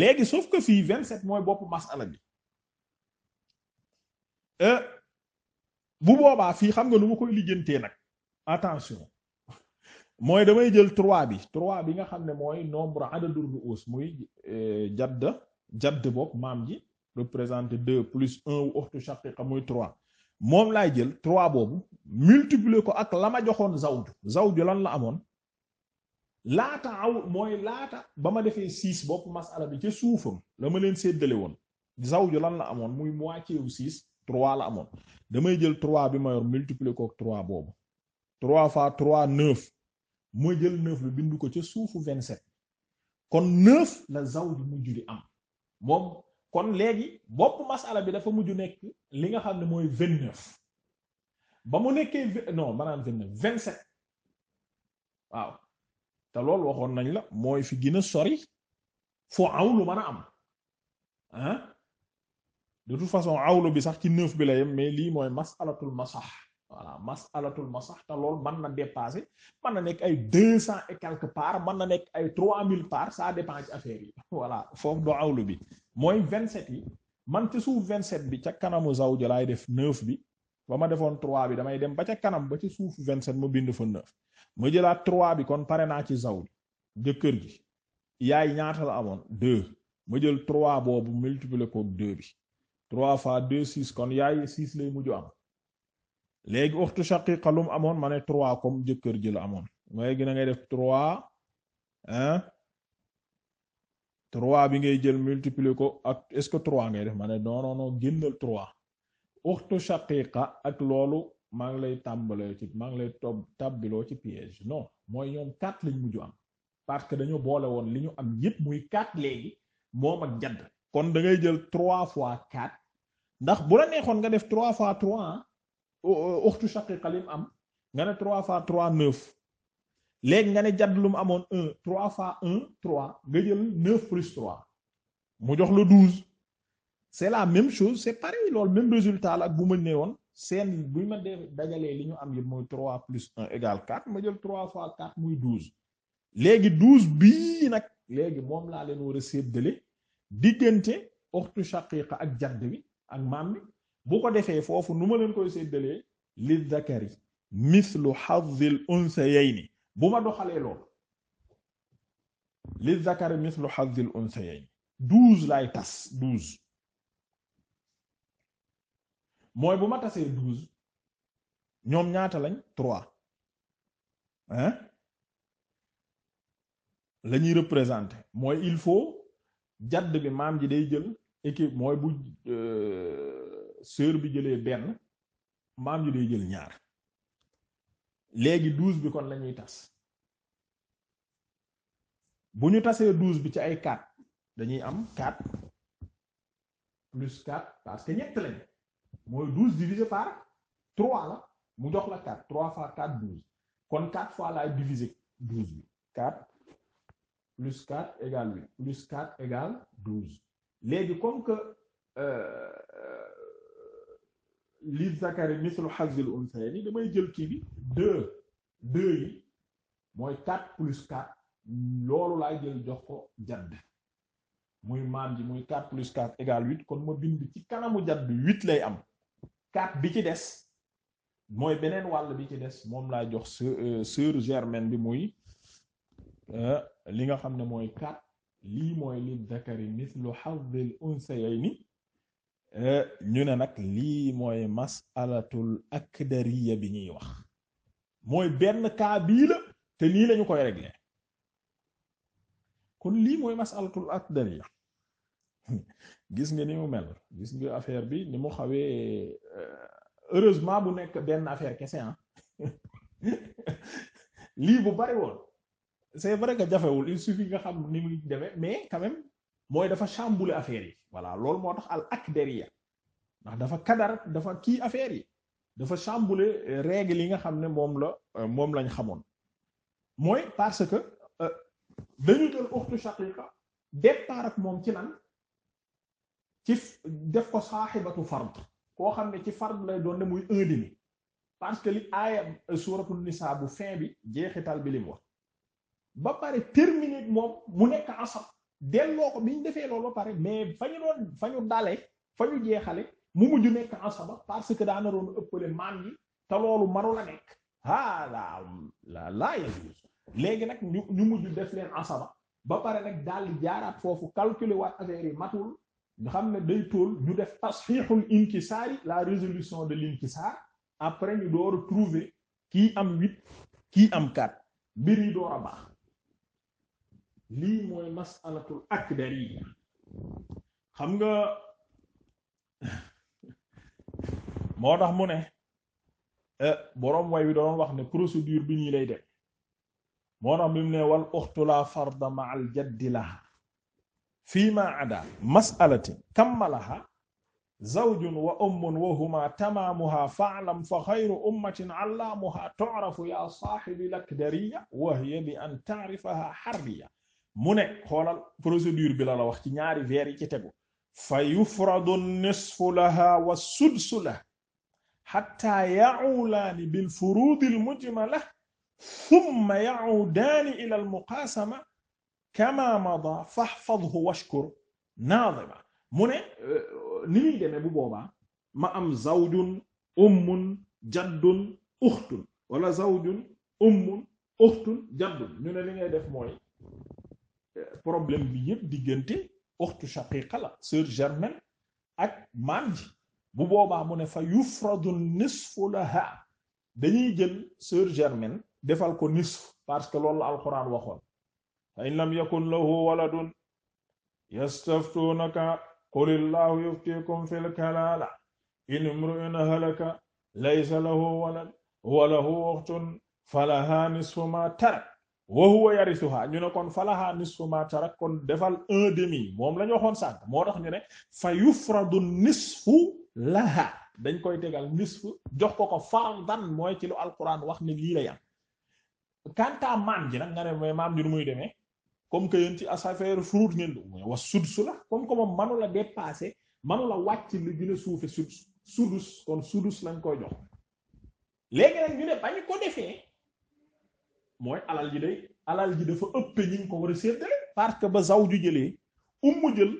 léegi sauf que fii vingt sept mooy bopp masala bi euh, bu boobaa fii xam nga nu ma koy lijjantee nag attention mooy damay jël trois bi trois bi nga xam ne mooy nombre adadur ru'us muy euh, jadd jadd bopp maam ji représente deux plus un wu ukhtu shaqiqa muy trois moom laay jël trois boobu multiplier ko ak la ma joxoon zawju zawju lan la amoon laata aw mooy laata ba ma defee six bopp masala bi ca suufam la ma leen séddale woon zawju lan la amoon muy moitié wu six trois la amoon damay jël trois bi ma yor multiplier ko trois boobu trois fois trois neuf mooy jël neuf bi bindu ko ca suufu vingt sept kon neuf la zawj mujj di am moom kon léegi bopp masala bi dafa mujj nekk li nga xam ne mooy vingt neuf ba mu nekkee non maanaam vingt neuf vingt sept waaw te loolu waxoon nañ la mooy fi gën a sori foo aw lu mën a am de toute façon awlu bi sax ci neuf bi la yem mais lii mooy masalatul masax voilà masalatul sax te lool man na dépasser man na nekk ay deux cent et quelque part mën na nekk ay trois mille parts ça dépend ci yi [LAUGHS] voilà foofu do awlu bi mooy vingt sept yi man ci suuf vingt bi ca kanamu zawja laay def neuf bi ba ma defoon trois bi damay dem ba ca kanam ba ci suuf vingt sept ma bind fa neuf ma jëlaat trois bi kon pare naa ci zawj jëkkër ji yaay ñaata la amoon deux ma jël trois boobu multiplier ko deux bi trois fois deux six kon yaay six lay mujj am léegi waxtu shaqiqa lu mu amoon ma ne trois comme jëkkër ji amoon mooy gi na ngay def trois hein trois bi ngay jël multiplier ko ak est-ce que trois ngay def ma ne non non non génnal trois waxtu shaqiqa ak loolu maa ngi lay tàmbalee ci maa ngi lay tob tàbbiloo ci piège mooy ñoom quatre lañ mujj am parce que dañu boole woon li ñu am yépp muy quatre léegi moom ak jadd kon da jël trois fois quatre ndax bu la neexoon nga def trois fois trois ah, uxtu shaqiqa lim am nga ne trois fois trois neuf léegi nga ne jadd lu mu amoon un trois fois un trois nga jël neuf plus trois mu jox la douze c'est la même chose c'est pareil loolu même résultat ak bu ma nee woon seen bu ma dee dajalee li ñu am yëpp mooy trois plus un égale quatre ma jël trois fois quatre muy douze léegi douze bii nag léegi moom laa leen war a séddale diggante uxtu shaqiqa ak jadd bi ak maam bi bu ko defee foofu nu ma leen koy séddalee li zakari mislu hazzil unsayayni bu ma doxalee loolu li zakari mislu hazzil unsayayni douze laay tas douze mooy bu ma tasee douze ñoom ñaata lañ trois hein la ñuy représenter mooy il faut jadd bi maam ji day jël équipe mooy bu euh, sœur bi jëlee benn maam ji day jël ñaar léegi douze bi kon lañuy tas bu ñu tasee douze bi ci ay quatre dañuy am quatre plus quatre parce que ñett lañ mooy douze divisé par trois la mu jox la quatre trois fois quatre douze kon quatre fois laay diviser douze bi quatre plus quatre égale huit plus quatre égale douze léegi comme que euh, li zakari mislu hazil unsayni damay jël kii bi dë deux yi mooy quatre plus quatre loolu laay jël jox ko jadd muy maam ji muy quatre plus quatre égale huit kon ma bind ci kanamu jadd huit lay am quatre bi ci des mooy beneen wàll bi ci des moom laa jox sur euh, germaine bi muy euh, li nga xam ne mooy quatre lii mooy li zakari mislu hazzil unsayayni ñu ne nag lii mooy masalatul akdariya bi ñuy wax mooy benn cas bii la te nii lañu koy régler kon lii mooy masalatul akdariya gis nga ni mu mel gis nga affaire bi ni mu xawee heureusement bu nekk benn affaire kese ah [LAUGHS] lii bu bari woon c'est vrai que jafewul il suffit nga xam ni muy demee mais quand mooy dafa chambouler affaire yi voilà loolu moo tax al ak akdariya ndax dafa kadar dafa kii affaire yi dafa chambouler euh, règle yi nga xam ne moom la euh, moom lañ xamoon mooy parce que euh, dañu jël uxtu shaqiqa moom ci lan ci def ko saaxibatu fard koo xam ne ci fard lay doon ne muy un demi parce que li aaya suuratul nisaa bu fin bi jeexital bi li wax ba pare terminer moom mu nekk asab delloo ko bi ñu defee loolu ba pare mais fa ñu doon fa ñu dalee fa ñu jeexale mu mujj nekk asaba parce que daana doon ëppale maam yi te loolu manu la nekk ah la la léegi nag ñu ñu mujj def leen asaba ba pare nag daal di jaaraat foofu calculer waat affaire yi matul nga xam ne day tool ñu def tasfixul inkisaari la résolution de l'inkisaar après ñu door a trouver kii am huit kii am quatre mbir yi door a baax. lii mooy masalatul akdariya xam nga [LAUGHS] moo tax mu ne eh, boroom way wi doon wax ne procédure bi nii lay dem moo tax bi mu ne wal uxtu la farda ma al laha fii ada masalatin kammalaha zawjun wa ummun wa huma tamaamuha fa'lam fa xayru ummatin allaamuha tu'rafu ya saaxibi akdariya wa hiya an ta'rifaha harriya mu ne xoolal procédure bi la la wax ci ñaari vers yi ci tegu fa yufradu nisfu laha wa sudsu la xatta ya'ulaani bil furuudi al mujmala thumma ya'udaani ila al muqaasama kama mada fahfadhu washkur naadima mu ne euh, ni muy demee bu boobaa ma am zawjun ummun jaddun uxtun wala zawjun ummun uxtun jaddun ñu ne li ngay def mooy problème bi yëpp diggante oxtu shaqiqa la sœur germaine ak maam ji bu boobaa mu ne fa yufradu nisfu laha dañuy jël sœur defal ko nisf parce que loolu la alquran waxoon fa in lam yakun lahu waladun yastaftuunaka qulillahu yuftikum fil kalala in imru'un halaka laysa lahu walad wa lahu ukhtun falaha nisfu ma tarak wa huwa yarisuha ñu ne kon falaha nisfu ma tarak kon defal un demi moom la ñu waxoon sànq moo tax ñu ne fa yufradu nisfu laha dañ koy tegal nisfu jox ko ko fardan mooy ci lu alquran wax ne lii la yam kanta maam ji nag nga ne mooy maam ji nu muy demee comme que yéen ci affaire fruit ngeen du wa sudsu la comme que manu la dépasser manu la wàcc lu gën a suufe sudus sudus kon sudus lañ koy jox léegi nag ñu ne bañ ko defee mooy alal ji day alal ji dafa ëpp ñi ngi ko war a séddale parce que ba zaw ju jëlee ummu jël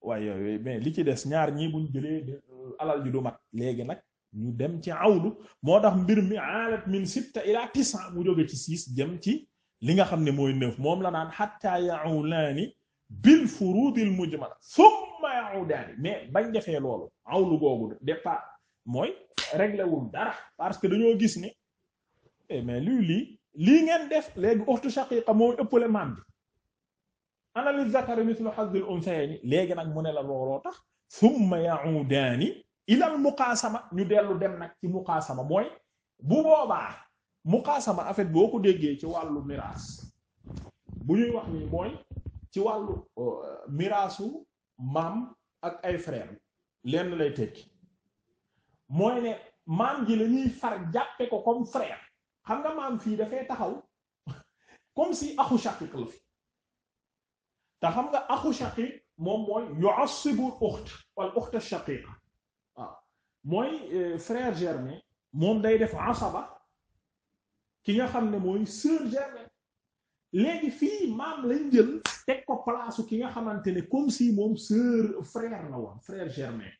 waaye yooyu mais li ci des ñaar ñii buñ jëlee euh, alal ji du mat léegi nag ñu dem ci awlu moo tax mbir mi alat min sitta ila tisa mu jóge ci six jëm ci li nga xam ne mooy neuf moom la naan xatta yaulaani bil furudil mujmala summa yaudaani mais bañ defee loolu awlu googu départ mooy réglé parce que dañoo gis ne eh mais luy lii lii ngeen def léegi uxtu shaqiqa mooy ëppale maam bi analyse zakari mislu hazil léegi nag mu ne la looloo tax summa ya'udani ilal muqaasama ñu dellu dem nag ci muqaasama mooy bu boobaa muqaasama en boo ko déggee ci wàllu miraas bu ñuy wax ni mooy ci wàllu euh, miraasu maam ak ay frère lenn lay tekki mooy ne maam ji la far jàppe ko comme frère xam nga maam fii dafay taxaw [LAUGHS] comme si axu shaqiq la fi te xam nga axu shaqiq moom mooy yu'assibu al-ukht wal-ukht ash mooy euh, frère germain moom day def asaba ki nga xam ne mooy sœur germain léegi fii maam lañ jël teg ko place ki nga xamante ne comme si moom sœur frère la woon frère germain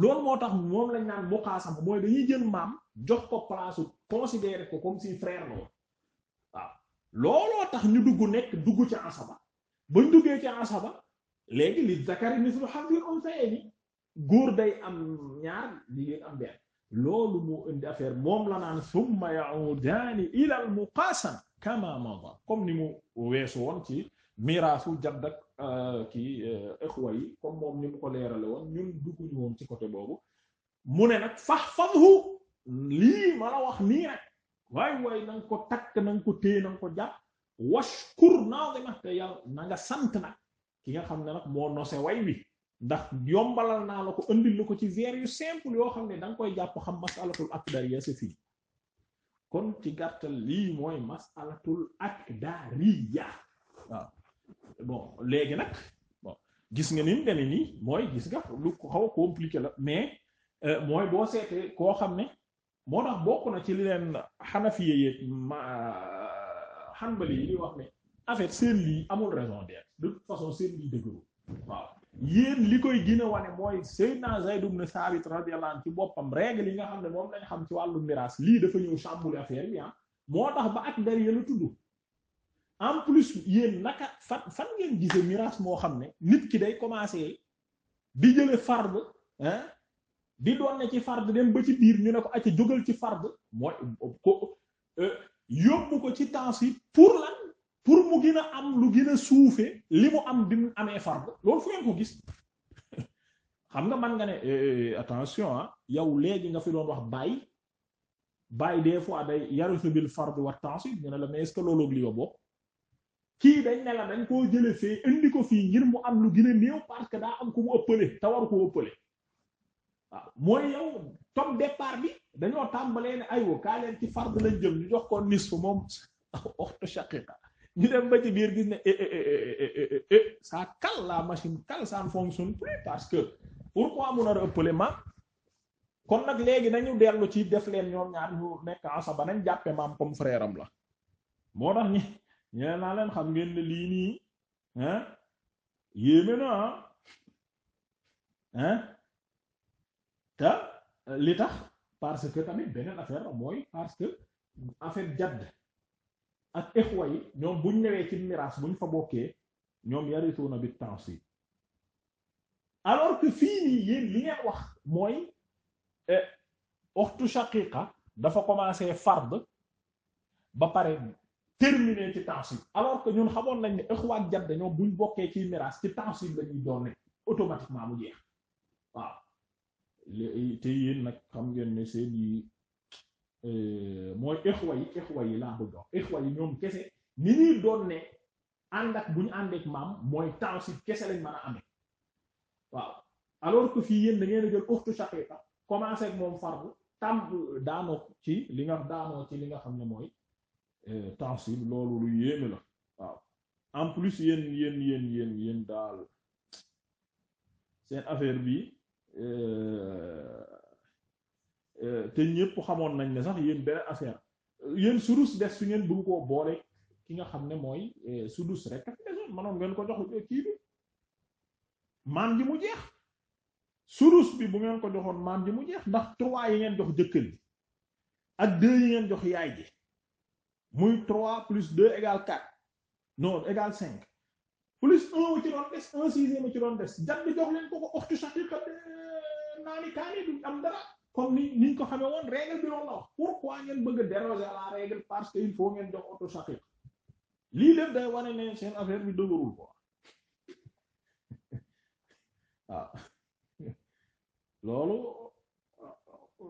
loolu moo tax moom lañ naan muqaasama mooy dañuy jël maam jox ko place considérer ko comme si frère la woon looloo tax ñu dugg nekk dugg ci asaba bañ duggee ci asaba léegi li zakari mislu hazzil unsayayni góor day am ñaar jigéen am benn loolu moo indi affaire moom la naan summa ila al muqasam kama mada comme ni mu weesu woon ci miraasu jadd ak euh, kii euh, ixwa yi comme moom ni mu ko leerale woon ñun dugguñu woon ci côté boobu mu ne nag fahfazhu lii ma la wax nii rek waay waay na ko takk na ko téye na ko jàpp washkur naaw gi nag te yàlla na sant nag ki nga xam ne nag moo nose way wi ndax yombalal naa la ko andil la ko ci vers yu simple yoo xam ne da nga koy jàpp xam masalatul akdariya c'est fi kon ci gàttal lii mooy masalatul akdariya waaw bon léegi nag bon gis nga ni mu nii mooy gis nga lu xaw a compliqué la mais euh, mooy boo seetee koo xam ne. moo tax bokk na ci li leen xanafiye yeeg ma xanbali yi di wax ne en fait seen lii amul raison d'être de toute façon seen lii dëgërul waaw yéen li koy gën wane mooy Seydina Zayd ibn Thabit radiyallahu ci boppam règle yi nga xam ne moom lañ xam ci wàllu miraas lii dafa ñëw chamboule affaire bi ah moo tax ba ak derrière la tudd en plus yéen naka fan fan ngeen gisee miraas moo xam ne nit ki day commencer di jële fard hein di doon ne ci fard dem ba ci biir ñu ne ko acca jógal ci fard mooy ko euh, yóbbu ko ci temps yi pour lan pour mu gën a am lu gën a suufee li mu am bi mu amee fard loolu fu ngeen ko gis xam nga man nga ne eh, eh, eh, attention ah, yow léegi nga fi doon wax bàyyi bàyyi des fois day yarusu bil fard wa temps ñu ne la mais est loolu ak li yow bokk kii dañ ne la dañ koo jële fee indi ko fii ngir mu am lu gën a néew parce que daa am ku mu ëppale te waru ko ëppale waaw mooy yow tom départ bi dañoo tàmbalee ne aywa kaa leen ci fard lañ jëm ñu jox ko nisfu moom waxtu shaqiqa ñu dem ba ci biir gis ne eh, eh, eh, ça cale la machine cale ça ne plus parce que pourquoi mun a ëppale ma kon nag léegi nañu dellu ci def leen ñoom ñaar ñu nekk asaba nañ jàppe maam comme frère la moo tax ñi ñee leen xam ngeen lii nii yéeme na ah te euh, li tax parce que tamit beneen affaire mooy parce que affaire jadd ak ixwa yi ñoom buñ ñëwee ci miraas buñ fa bokkee ñoom yarituuna bi tansib alors que fii nii yéen li ngeen wax mooy eh, waxtu shaqiqa dafa commencé fard ba pare terminé ci tansib alors que ñun xamoon nañ ne ixwa ak jadd ñoom buñ bokkee ci miraas ci tansib lañuy doon ne automatiquement mu jeex te yéen nag xam ngeen ne seen yi euh, mooy ixwa yi ixwa yi laa bëgg wax ixwa yi ñoom kese ni ñuy doon ne ànd ak bu ñu àndeek maam mooy temps kese lañ mën a amee waaw alors que fii yéen da commencé ak moom farbu tam daanoo ci li nga ci li nga xam ne mooy euh, temps yi loolu lu yéeme la waaw en plus yéen yéen yéen yéen daal seen affaire bi Euh, euh, te ñëpp xamoon nañ ne sax yéen beneen affaire yéen sudus des su ngeen bëgg koo boole ki nga xam ne mooy euh, sudus rek a fi desoon manoon ngeen ko jox kii bi maan ji mu jeex sudus bi bu ngeen ko joxoon maan ji mu jeex ndax trois yi ngeen jox jëkkër ji ak deux yi ngeen jox yaay ji muy trois plus deux égale quatre non égale cinq plus un ci doon des ci doon des jant jox leen ko ko oxtu shaqiqa naani kaani am dara comme ni niñ ko xamee woon bi loolu la wax pourquoi bëgg a déroger à la règle parce que il faut ngeen jox oxtu shaqiqa lii lépp day wane ne seen affaire bi dëgërul quoi [LAUGHS] loolu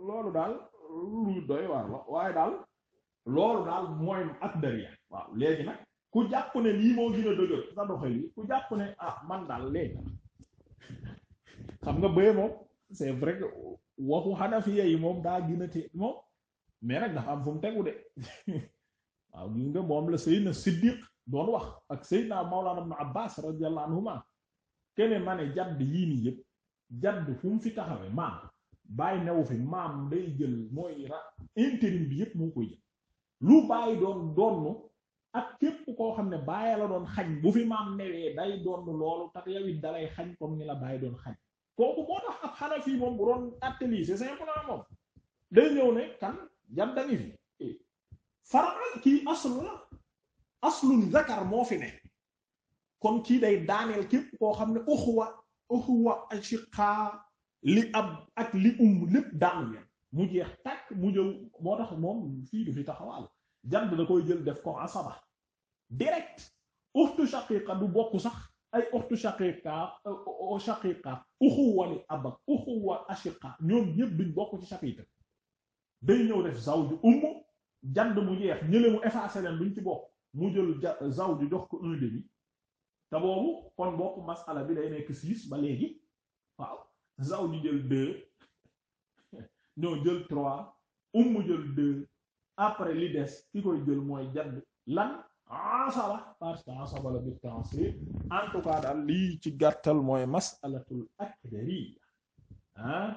loolu daal lu doy waar loolu daal mooy ak dariya waaw léegi ku jàpp ne lii moo gën a dëgër sa doxe lii ku jàpp ne ah man daal léegi xam nga bëye moom c'est vrai que waxu xanafiya yi moom daa gën a te moom mais nag dafa am fu mu tegu de [LAUGHS] moom la Seydina Siddiq doon wax ak Seydina Mawlana Ibn Abbas radiyallahu anhuma kene ma ne yii nii yëpp jadd fu mu fi taxawe maam bàyyi newu fi maam day jël mooy ra intérim bi yëpp moo koy jël lu bàyyi doon doon ak képp koo xam ne bàyyi la doon xañ bu fi maam newee day doon loolu tax yow dalay xañ comme ni la bàyyi doon xañ kooku moo tax ab Hanafi moom bu doon attelii c'est moom day ñëw ne kan jadda ngi fi faral kii aslu la aslun zakar moo fi ne kon kii day daaneel képp koo xam ne uxwa uxwa ashiqa li ab ak li um lépp daanu leen mu jeex takk mu jëw moo tax moom fii du fi taxawaal jant da koy jël def ko asaba direct uxtu shaqiqa du bokk sax ay uxtu shaqiqa euh, shaqiqa uxuwa li abak uxuwa ashiqa ñoom ñëpp duñ bokk ci chapitre day ñëw def zawju umm jand mu jeex ñële mu effacé leen duñ ci bokk mu jël zawju jox ko un demi te boobu kon bokk masala bi day nekk six ba léegi waaw zawju jël deux [LAUGHS] ñoo jël trois umm jël deux après li des ki koy jël mooy jadd lan asaba parce que asaba la bi ta'sir en tout ci gàttal mooy mas'alatul akdari ah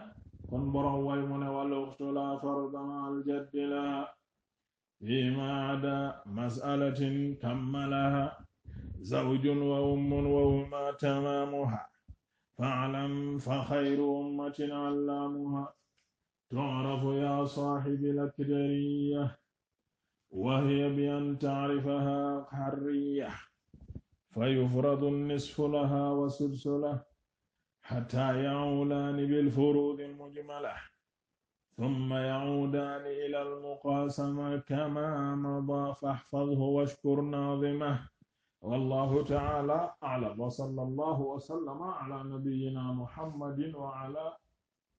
kon borom way mu ne waluxtu la farda al jaddi laha fima da kammalaha zawjun wa ummun tamamuha fa'lam fa khayru ummatin allamuha tu'rafu yaa saaxibi lakdariya wa hiya bi an ta'rifahaa harriya fa yufradu nisfu lahaa wa sudsu lahaa hattaa ya'uulaani bilfuruudi al-mujmala summa ya'uudaani ilal muqaasama kamaa madaa fahfazhu washkur naadimahu wallaahu ta'aalaa a'lam wa sallallaahu wa sallama alaa nabiyyinaa muhammadin wa alaa